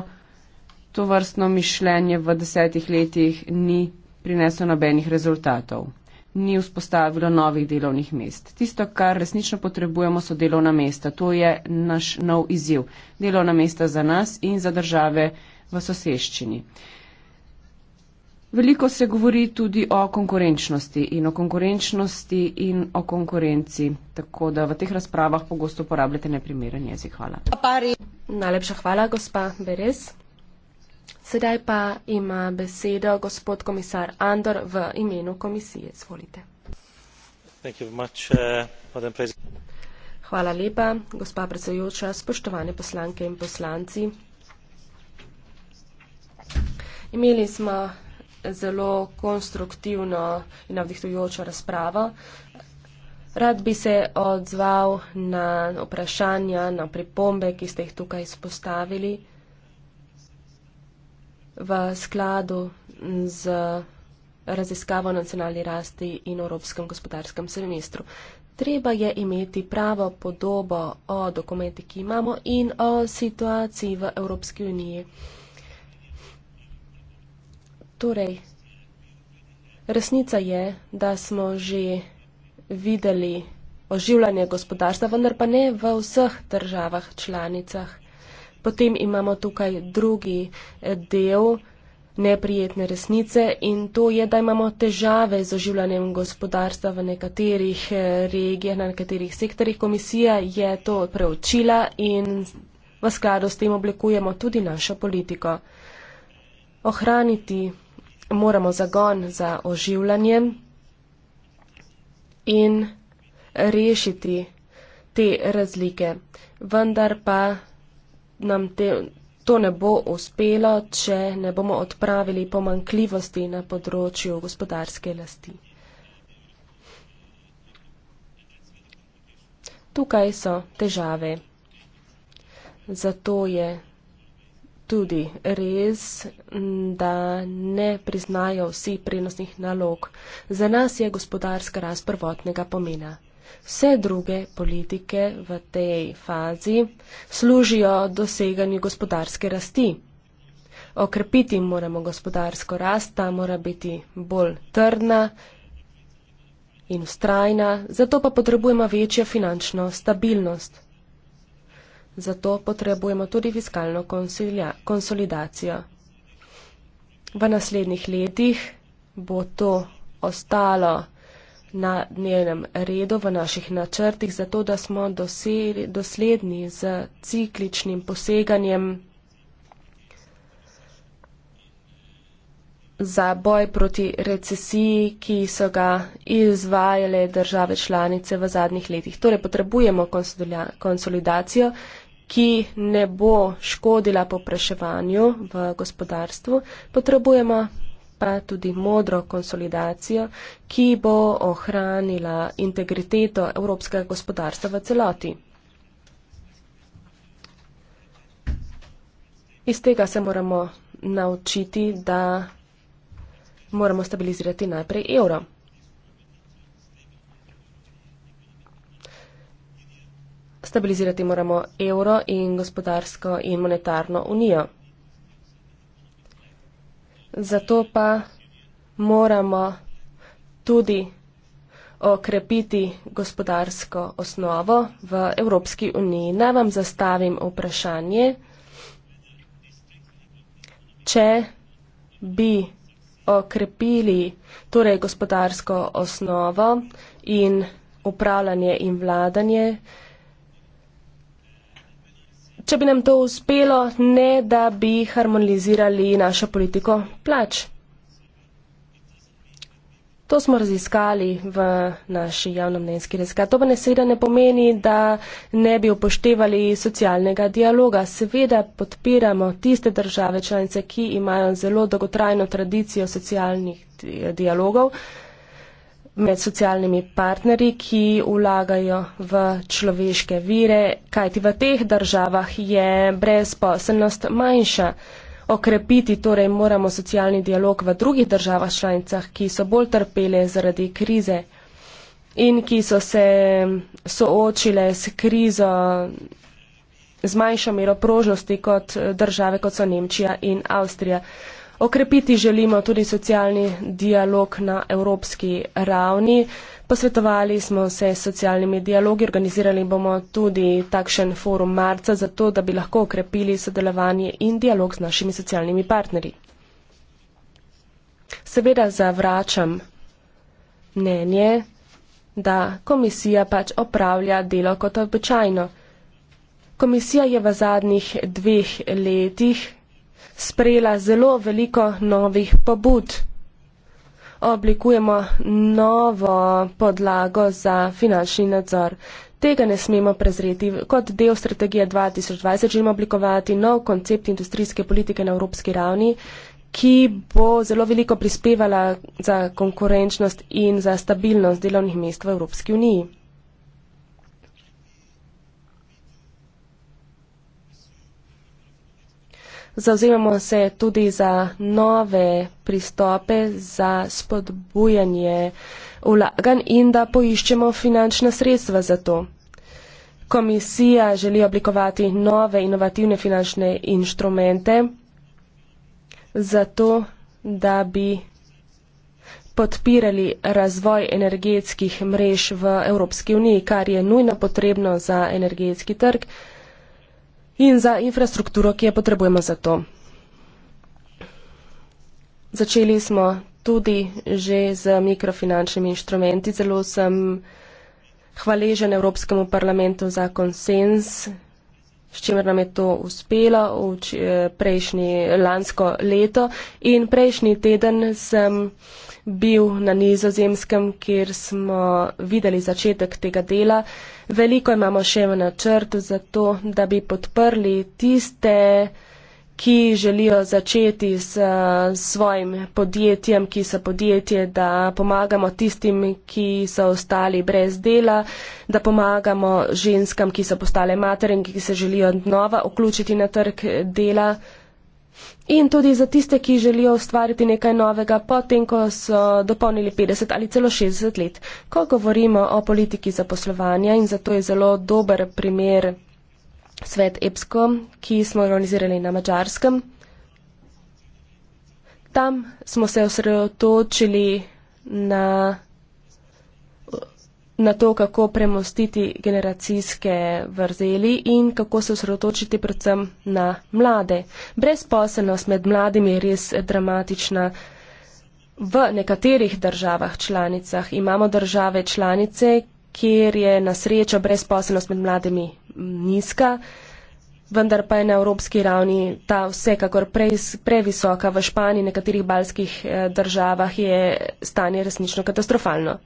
to vrstno mišljenje v desetih letih ni prineslo nobenih rezultatov, ni vzpostavilo novih delovnih mest. Tisto, kar resnično potrebujemo, so delovna mesta. To je naš nov izziv. Delovna mesta za nas in za države v soseščini. Veliko se govori tudi o konkurenčnosti in o konkurenčnosti in o konkurenci, tako da v teh razpravah pogosto uporabljate neprimeren jezik. Hvala. Najlepša hvala, gospa Beres. Sedaj pa ima besedo gospod komisar Andor v imenu komisije. Zvolite. Uh, Hvala lepa, gospa predsedujoča, spoštovane poslanke in poslanci. Imeli smo zelo konstruktivno in navdihujočo razpravo. Rad bi se odzval na vprašanja, na pripombe, ki ste jih tukaj izpostavili v skladu z raziskavo nacionalni rasti in evropskem gospodarskem semestru. Treba je imeti pravo podobo o dokumenti, ki imamo in o situaciji v Evropski uniji. Torej, resnica je, da smo že videli oživljanje gospodarstva, vendar pa ne v vseh državah članicah. Potem imamo tukaj drugi eh, del neprijetne resnice in to je, da imamo težave z oživljanjem gospodarstva v nekaterih eh, regijah, na nekaterih sektorjih. Komisija je to preučila in v skladu s tem oblikujemo tudi našo politiko. Ohraniti moramo zagon za oživljanje in rešiti te razlike. Vendar pa nam te, to ne bo uspelo, če ne bomo odpravili pomankljivosti na področju gospodarske lasti. Tukaj so težave. Zato je tudi res, da ne priznajo vsi prenosnih nalog. Za nas je gospodarska rast prvotnega pomena. Vse druge politike v tej fazi služijo doseganju gospodarske rasti. Okrepiti moramo gospodarsko rast, ta mora biti bolj trdna in ustrajna, zato pa potrebujemo večjo finančno stabilnost. Zato potrebujemo tudi fiskalno konsolidacijo. V naslednjih letih bo to ostalo na dnevnem redu, v naših načrtih, zato da smo doseli, dosledni z cikličnim poseganjem za boj proti recesiji, ki so ga izvajale države članice v zadnjih letih. Torej potrebujemo konsolidacijo ki ne bo škodila popraševanju v gospodarstvu, potrebujemo pa tudi modro konsolidacijo, ki bo ohranila integriteto evropskega gospodarstva v celoti. Iz tega se moramo naučiti, da moramo stabilizirati najprej evro. Stabilizirati moramo evro in gospodarsko in monetarno unijo zato pa moramo tudi okrepiti gospodarsko osnovo v Evropski uniji. Naj vam zastavim vprašanje, če bi okrepili torej gospodarsko osnovo in upravljanje in vladanje, če bi nam to uspelo, ne da bi harmonizirali našo politiko plač. To smo raziskali v naši javnomnenjski raziskavi. To pa ne seveda ne pomeni, da ne bi upoštevali socialnega dialoga. Seveda podpiramo tiste države članice, ki imajo zelo dolgotrajno tradicijo socialnih dialogov. Di di di di di di di di med socialnimi partnerji, ki vlagajo v človeške vire, kajti v teh državah je brezposelnost manjša. Okrepiti torej moramo socialni dialog v drugih državah članicah, ki so bolj trpele zaradi krize in ki so se soočile s krizo z manjšo mero prožnosti kot države, kot so Nemčija in Avstrija. Okrepiti želimo tudi socialni dialog na evropski ravni. Posvetovali smo se s socialnimi dialogi, organizirali bomo tudi takšen forum marca, zato da bi lahko okrepili sodelovanje in dialog z našimi socialnimi partnerji. Seveda zavračam mnenje, da komisija pač opravlja delo kot običajno. Komisija je v zadnjih dveh letih sprejela zelo veliko novih pobud. Oblikujemo novo podlago za finančni nadzor. Tega ne smemo prezreti. Kot del strategije 2020 želimo oblikovati nov koncept industrijske politike na evropski ravni, ki bo zelo veliko prispevala za konkurenčnost in za stabilnost delovnih mest v Evropski uniji. Zauzemamo se tudi za nove pristope, za spodbujanje vlagan in da poiščemo finančna sredstva za to. Komisija želi oblikovati nove inovativne finančne inštrumente za to, da bi podpirali razvoj energetskih mrež v Evropski uniji, kar je nujno potrebno za energetski trg in za infrastrukturo, ki jo potrebujemo za to. Začeli smo tudi že z mikrofinančnimi inštrumenti. Zelo sem hvaležen Evropskemu parlamentu za konsens, s čimer nam je to uspelo v eh, prejšnji lansko leto. In prejšnji teden sem bil na nizozemskem, kjer smo videli začetek tega dela. Veliko imamo še v načrtu za to, da bi podprli tiste ki želijo začeti s eh, svojim podjetjem, ki so podjetje, da pomagamo tistim, ki so ostali brez dela, da pomagamo ženskam, ki so postale mater in ki se želijo znova vključiti na trg dela. In tudi za tiste, ki želijo ustvariti nekaj novega, potem, ko so dopolnili 50 ali celo 60 let. Ko govorimo o politiki zaposlovanja in zato je zelo dober primer svet EPSCO, ki smo organizirali na mačarskem. Tam smo se osredotočili na, na to, kako premostiti generacijske vrzeli in kako se osredotočiti predvsem na mlade. Brezposelnost med mladimi je res dramatična. V nekaterih državah članicah imamo države članice, kjer je na srečo brezposelnost med mladimi nizka, vendar pa je na evropski ravni ta vsekakor pre, previsoka. V Španiji, nekaterih balskih eh, državah je stanje resnično katastrofalno.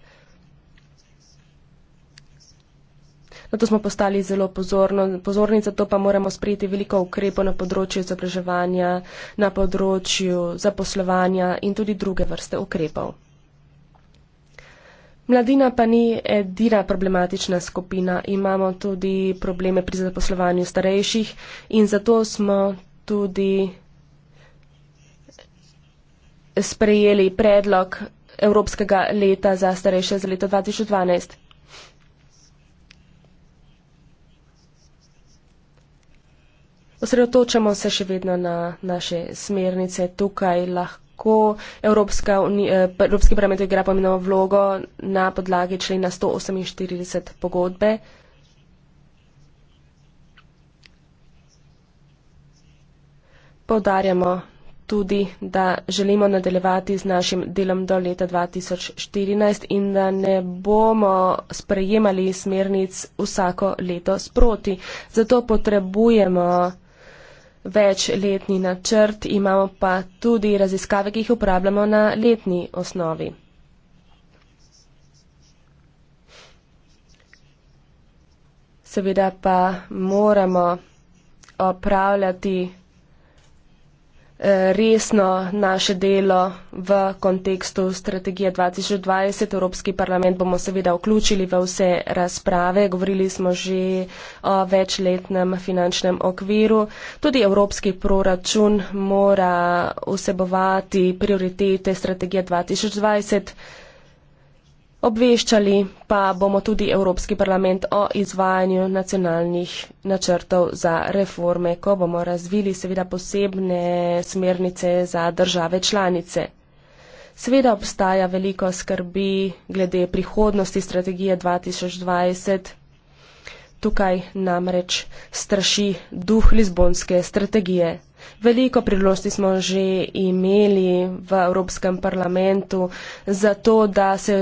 Zato smo postali zelo pozorno, pozorni, zato pa moramo sprejeti veliko ukrepov na področju izobraževanja, na področju zaposlovanja in tudi druge vrste ukrepov. Mladina pa ni edina problematična skupina. Imamo tudi probleme pri zaposlovanju starejših in zato smo tudi sprejeli predlog Evropskega leta za starejše za leto 2012. Osredotočamo se še vedno na naše smernice. Tukaj lahko kako Evropska unija, eh, Evropski parlament igra pomembno vlogo na podlagi člena 148 pogodbe. Povdarjamo tudi, da želimo nadaljevati z našim delom do leta 2014 in da ne bomo sprejemali smernic vsako leto sproti. Zato potrebujemo večletni načrt, imamo pa tudi raziskave, ki jih uporabljamo na letni osnovi. Seveda pa moramo opravljati resno naše delo v kontekstu strategije 2020. Evropski parlament bomo seveda vključili v vse razprave. Govorili smo že o večletnem finančnem okviru. Tudi evropski proračun mora vsebovati prioritete strategije 2020. Obveščali pa bomo tudi Evropski parlament o izvajanju nacionalnih načrtov za reforme, ko bomo razvili seveda posebne smernice za države članice. Seveda obstaja veliko skrbi glede prihodnosti strategije 2020. Tukaj namreč straši duh Lizbonske strategije. Veliko priložnosti smo že imeli v Evropskem parlamentu za to, da se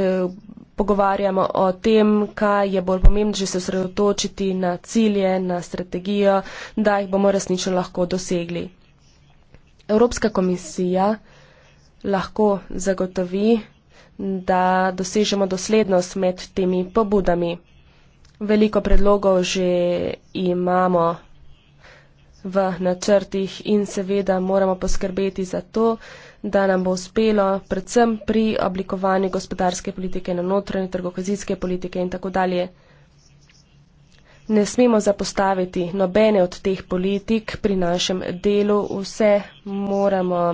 pogovarjamo o tem, kaj je bolj pomembno, če se osredotočiti na cilje, na strategijo, da jih bomo resnično lahko dosegli. Evropska komisija lahko zagotovi, da dosežemo doslednost med temi pobudami. Veliko predlogov že imamo v načrtih in seveda moramo poskrbeti za to, da nam bo uspelo predvsem pri oblikovanju gospodarske politike na notranje, trgokazijske politike in tako dalje. Ne smemo zapostaviti nobene od teh politik pri našem delu, vse moramo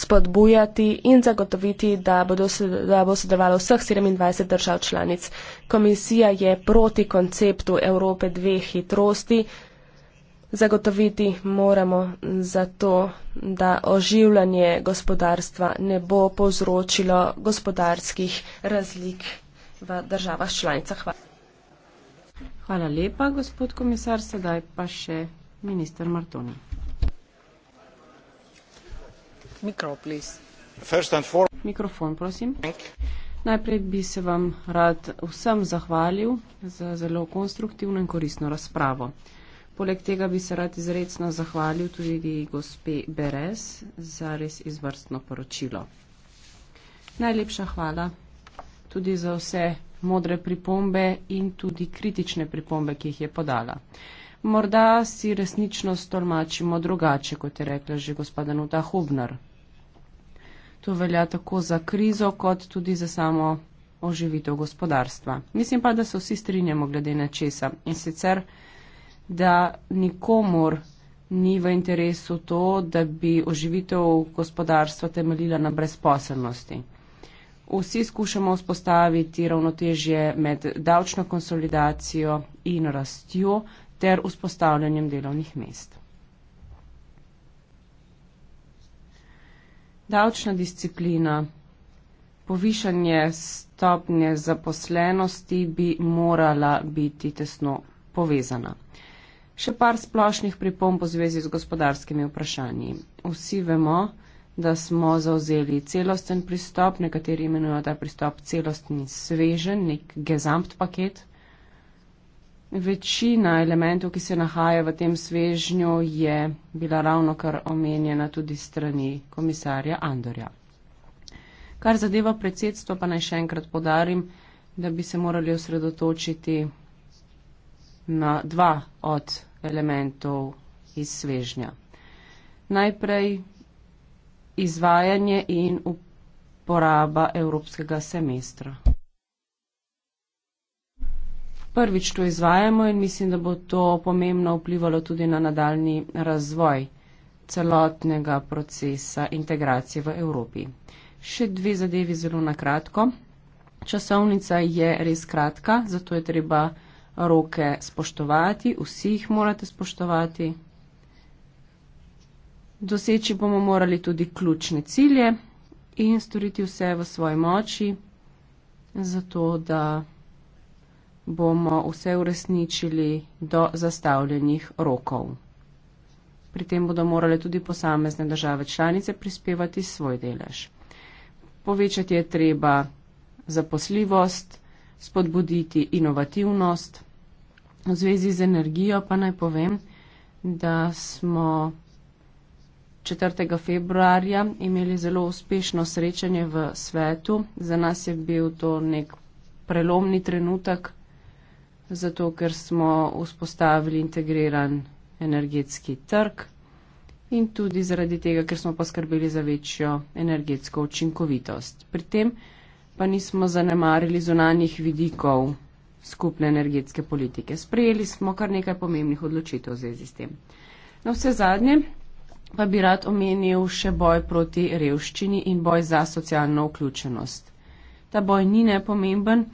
spodbujati in zagotoviti, da bo, da bo sodelovalo vseh 27 držav članic. Komisija je proti konceptu Evrope dveh hitrosti, zagotoviti moramo za to, da oživljanje gospodarstva ne bo povzročilo gospodarskih razlik v državah članicah. Hvala. Hvala lepa, gospod komisar. Sedaj pa še minister Martoni. Mikro, for... Mikrofon, prosim. Thank. Najprej bi se vam rad vsem zahvalil za zelo konstruktivno in koristno razpravo. Poleg tega bi se rad izredno zahvalil tudi gospe Beres za res izvrstno poročilo. Najlepša hvala tudi za vse modre pripombe in tudi kritične pripombe, ki jih je podala. Morda si resnično stolmačimo drugače, kot je rekla že gospod Anuta Hubner. To velja tako za krizo, kot tudi za samo oživitev gospodarstva. Mislim pa, da se vsi strinjamo glede na česa. In sicer da nikomor ni v interesu to, da bi oživitev gospodarstva temeljila na brezposelnosti. Vsi skušamo vzpostaviti ravnotežje med davčno konsolidacijo in rastjo ter vzpostavljanjem delovnih mest. Davčna disciplina. Povišanje stopnje zaposlenosti bi morala biti tesno povezana še par splošnih pripomb v zvezi z gospodarskimi vprašanji. Vsi vemo, da smo zauzeli celosten pristop, nekateri imenujejo ta pristop celostni svežen, nek gezamt paket. Večina elementov, ki se nahaja v tem svežnju, je bila ravno kar omenjena tudi strani komisarja Andorja. Kar zadeva predsedstvo, pa naj še enkrat podarim, da bi se morali osredotočiti na dva od elementov iz svežnja. Najprej izvajanje in uporaba evropskega semestra. Prvič to izvajamo in mislim, da bo to pomembno vplivalo tudi na nadaljni razvoj celotnega procesa integracije v Evropi. Še dve zadevi zelo na kratko. Časovnica je res kratka, zato je treba roke spoštovati, vsi jih morate spoštovati. Doseči bomo morali tudi ključne cilje in storiti vse v svoji moči, zato da bomo vse uresničili do zastavljenih rokov. Pri tem bodo morale tudi posamezne države članice prispevati svoj delež. Povečati je treba zaposljivost, spodbuditi inovativnost. V zvezi z energijo pa naj povem, da smo 4. februarja imeli zelo uspešno srečanje v svetu. Za nas je bil to nek prelomni trenutek, zato ker smo vzpostavili integriran energetski trg in tudi zaradi tega, ker smo poskrbeli za večjo energetsko učinkovitost. Pri tem pa nismo zanemarili zunanjih vidikov skupne energetske politike. Sprejeli smo kar nekaj pomembnih odločitev v zvezi s tem. Na no, vse zadnje pa bi rad omenil še boj proti revščini in boj za socialno vključenost. Ta boj ni nepomemben,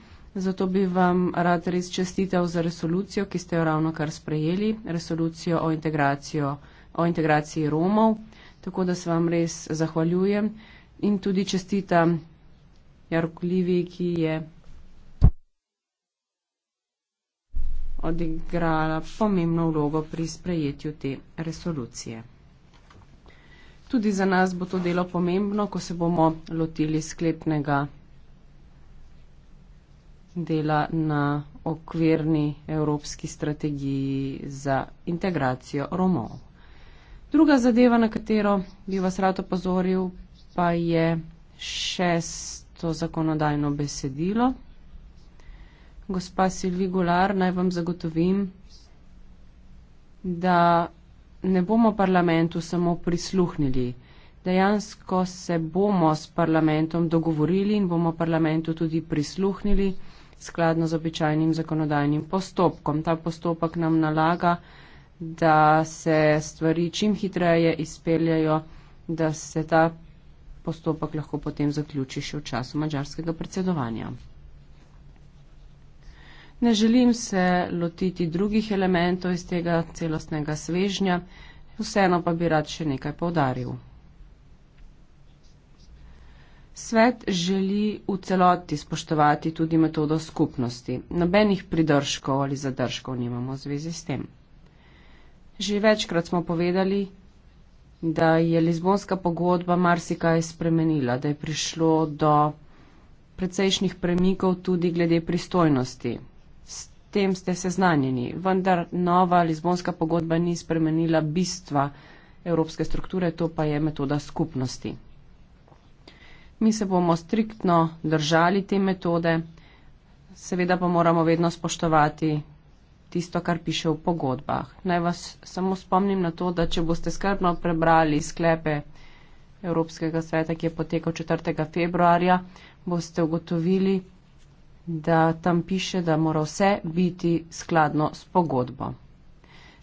zato bi vam rad res čestitev za resolucijo, ki ste jo ravno kar sprejeli, resolucijo o, o integraciji Romov, tako da se vam res zahvaljujem in tudi čestitam Jarko Livi, ki je odigrala pomembno vlogo pri sprejetju te resolucije. Tudi za nas bo to delo pomembno, ko se bomo lotili sklepnega dela na okvirni evropski strategiji za integracijo Romov. Druga zadeva, na katero bi vas rad opozoril, pa je šesto zakonodajno besedilo gospa Silvi Gular, naj vam zagotovim, da ne bomo parlamentu samo prisluhnili. Dejansko se bomo s parlamentom dogovorili in bomo parlamentu tudi prisluhnili skladno z običajnim zakonodajnim postopkom. Ta postopek nam nalaga, da se stvari čim hitreje izpeljajo, da se ta postopek lahko potem zaključi še v času mađarskega predsedovanja. Ne želim se lotiti drugih elementov iz tega celostnega svežnja, vseeno pa bi rad še nekaj povdaril. Svet želi v celoti spoštovati tudi metodo skupnosti. Nobenih pridržkov ali zadržkov nimamo v zvezi s tem. Že večkrat smo povedali, da je Lizbonska pogodba marsikaj spremenila, da je prišlo do precejšnjih premikov tudi glede pristojnosti tem ste seznanjeni, vendar nova Lizbonska pogodba ni spremenila bistva evropske strukture, to pa je metoda skupnosti. Mi se bomo striktno držali te metode, seveda pa moramo vedno spoštovati tisto, kar piše v pogodbah. Naj vas samo spomnim na to, da če boste skrbno prebrali sklepe Evropskega sveta, ki je potekal 4. februarja, boste ugotovili, da tam piše, da mora vse biti skladno s pogodbo.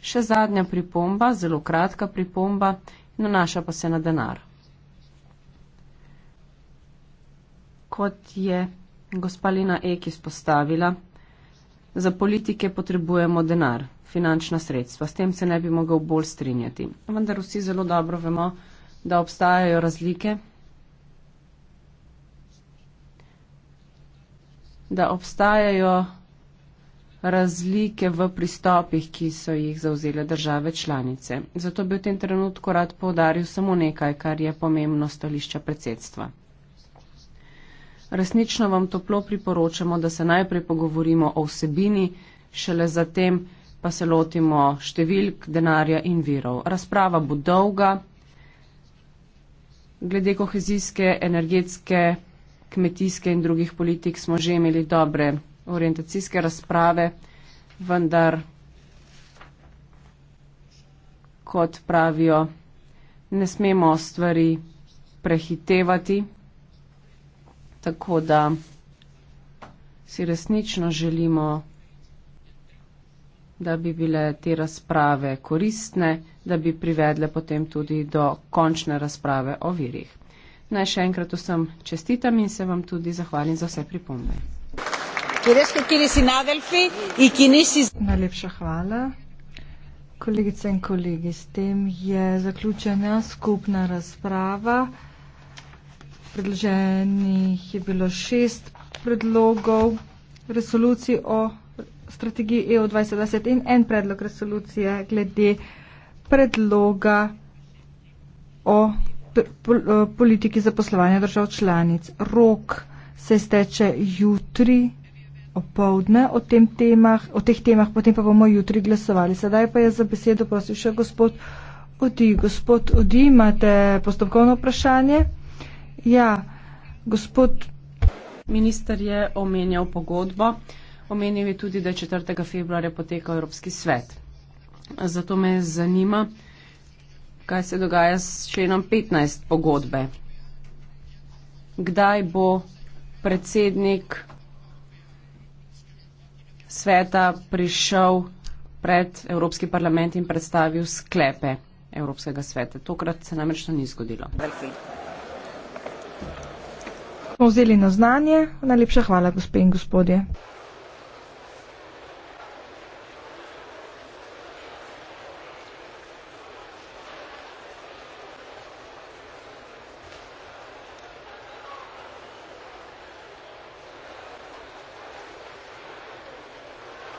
Še zadnja pripomba, zelo kratka pripomba, nanaša pa se na denar. Kot je gospodina Eki spostavila, za politike potrebujemo denar, finančna sredstva. S tem se ne bi mogel bolj strinjati. Vendar vsi zelo dobro vemo, da obstajajo razlike da obstajajo razlike v pristopih, ki so jih zauzele države članice. Zato bi v tem trenutku rad povdaril samo nekaj, kar je pomembno stališča predsedstva. Resnično vam toplo priporočamo, da se najprej pogovorimo o vsebini, šele zatem pa se lotimo številk, denarja in virov. Razprava bo dolga. Glede kohezijske energetske kmetijske in drugih politik smo že imeli dobre orientacijske razprave, vendar, kot pravijo, ne smemo stvari prehitevati, tako da si resnično želimo, da bi bile te razprave koristne, da bi privedle potem tudi do končne razprave o virih. Naj še enkrat vsem čestitam in se vam tudi zahvalim za vse pripombe. Najlepša hvala. Kolegice in kolegi, s tem je zaključena skupna razprava. Predloženih je bilo šest predlogov resolucij o strategiji EU 2020 in en predlog resolucije glede predloga o Eh, politiki zaposlovanja držav članic. Rok se steče jutri opovdne o, tem temah, o teh temah, potem pa bomo jutri glasovali. Sedaj pa je za besedo prosil še gospod Odi. Gospod Odi, imate postopkovno vprašanje? Ja, gospod. Minister je omenjal pogodbo, omenil je tudi, da je 4. februarja potekal Evropski svet. Zato me zanima, kaj se dogaja s členom 15 pogodbe. Kdaj bo predsednik sveta prišel pred Evropski parlament in predstavil sklepe Evropskega sveta. Tokrat se namreč to ni zgodilo. Smo vzeli na znanje. Najlepša hvala, gospe in gospodje.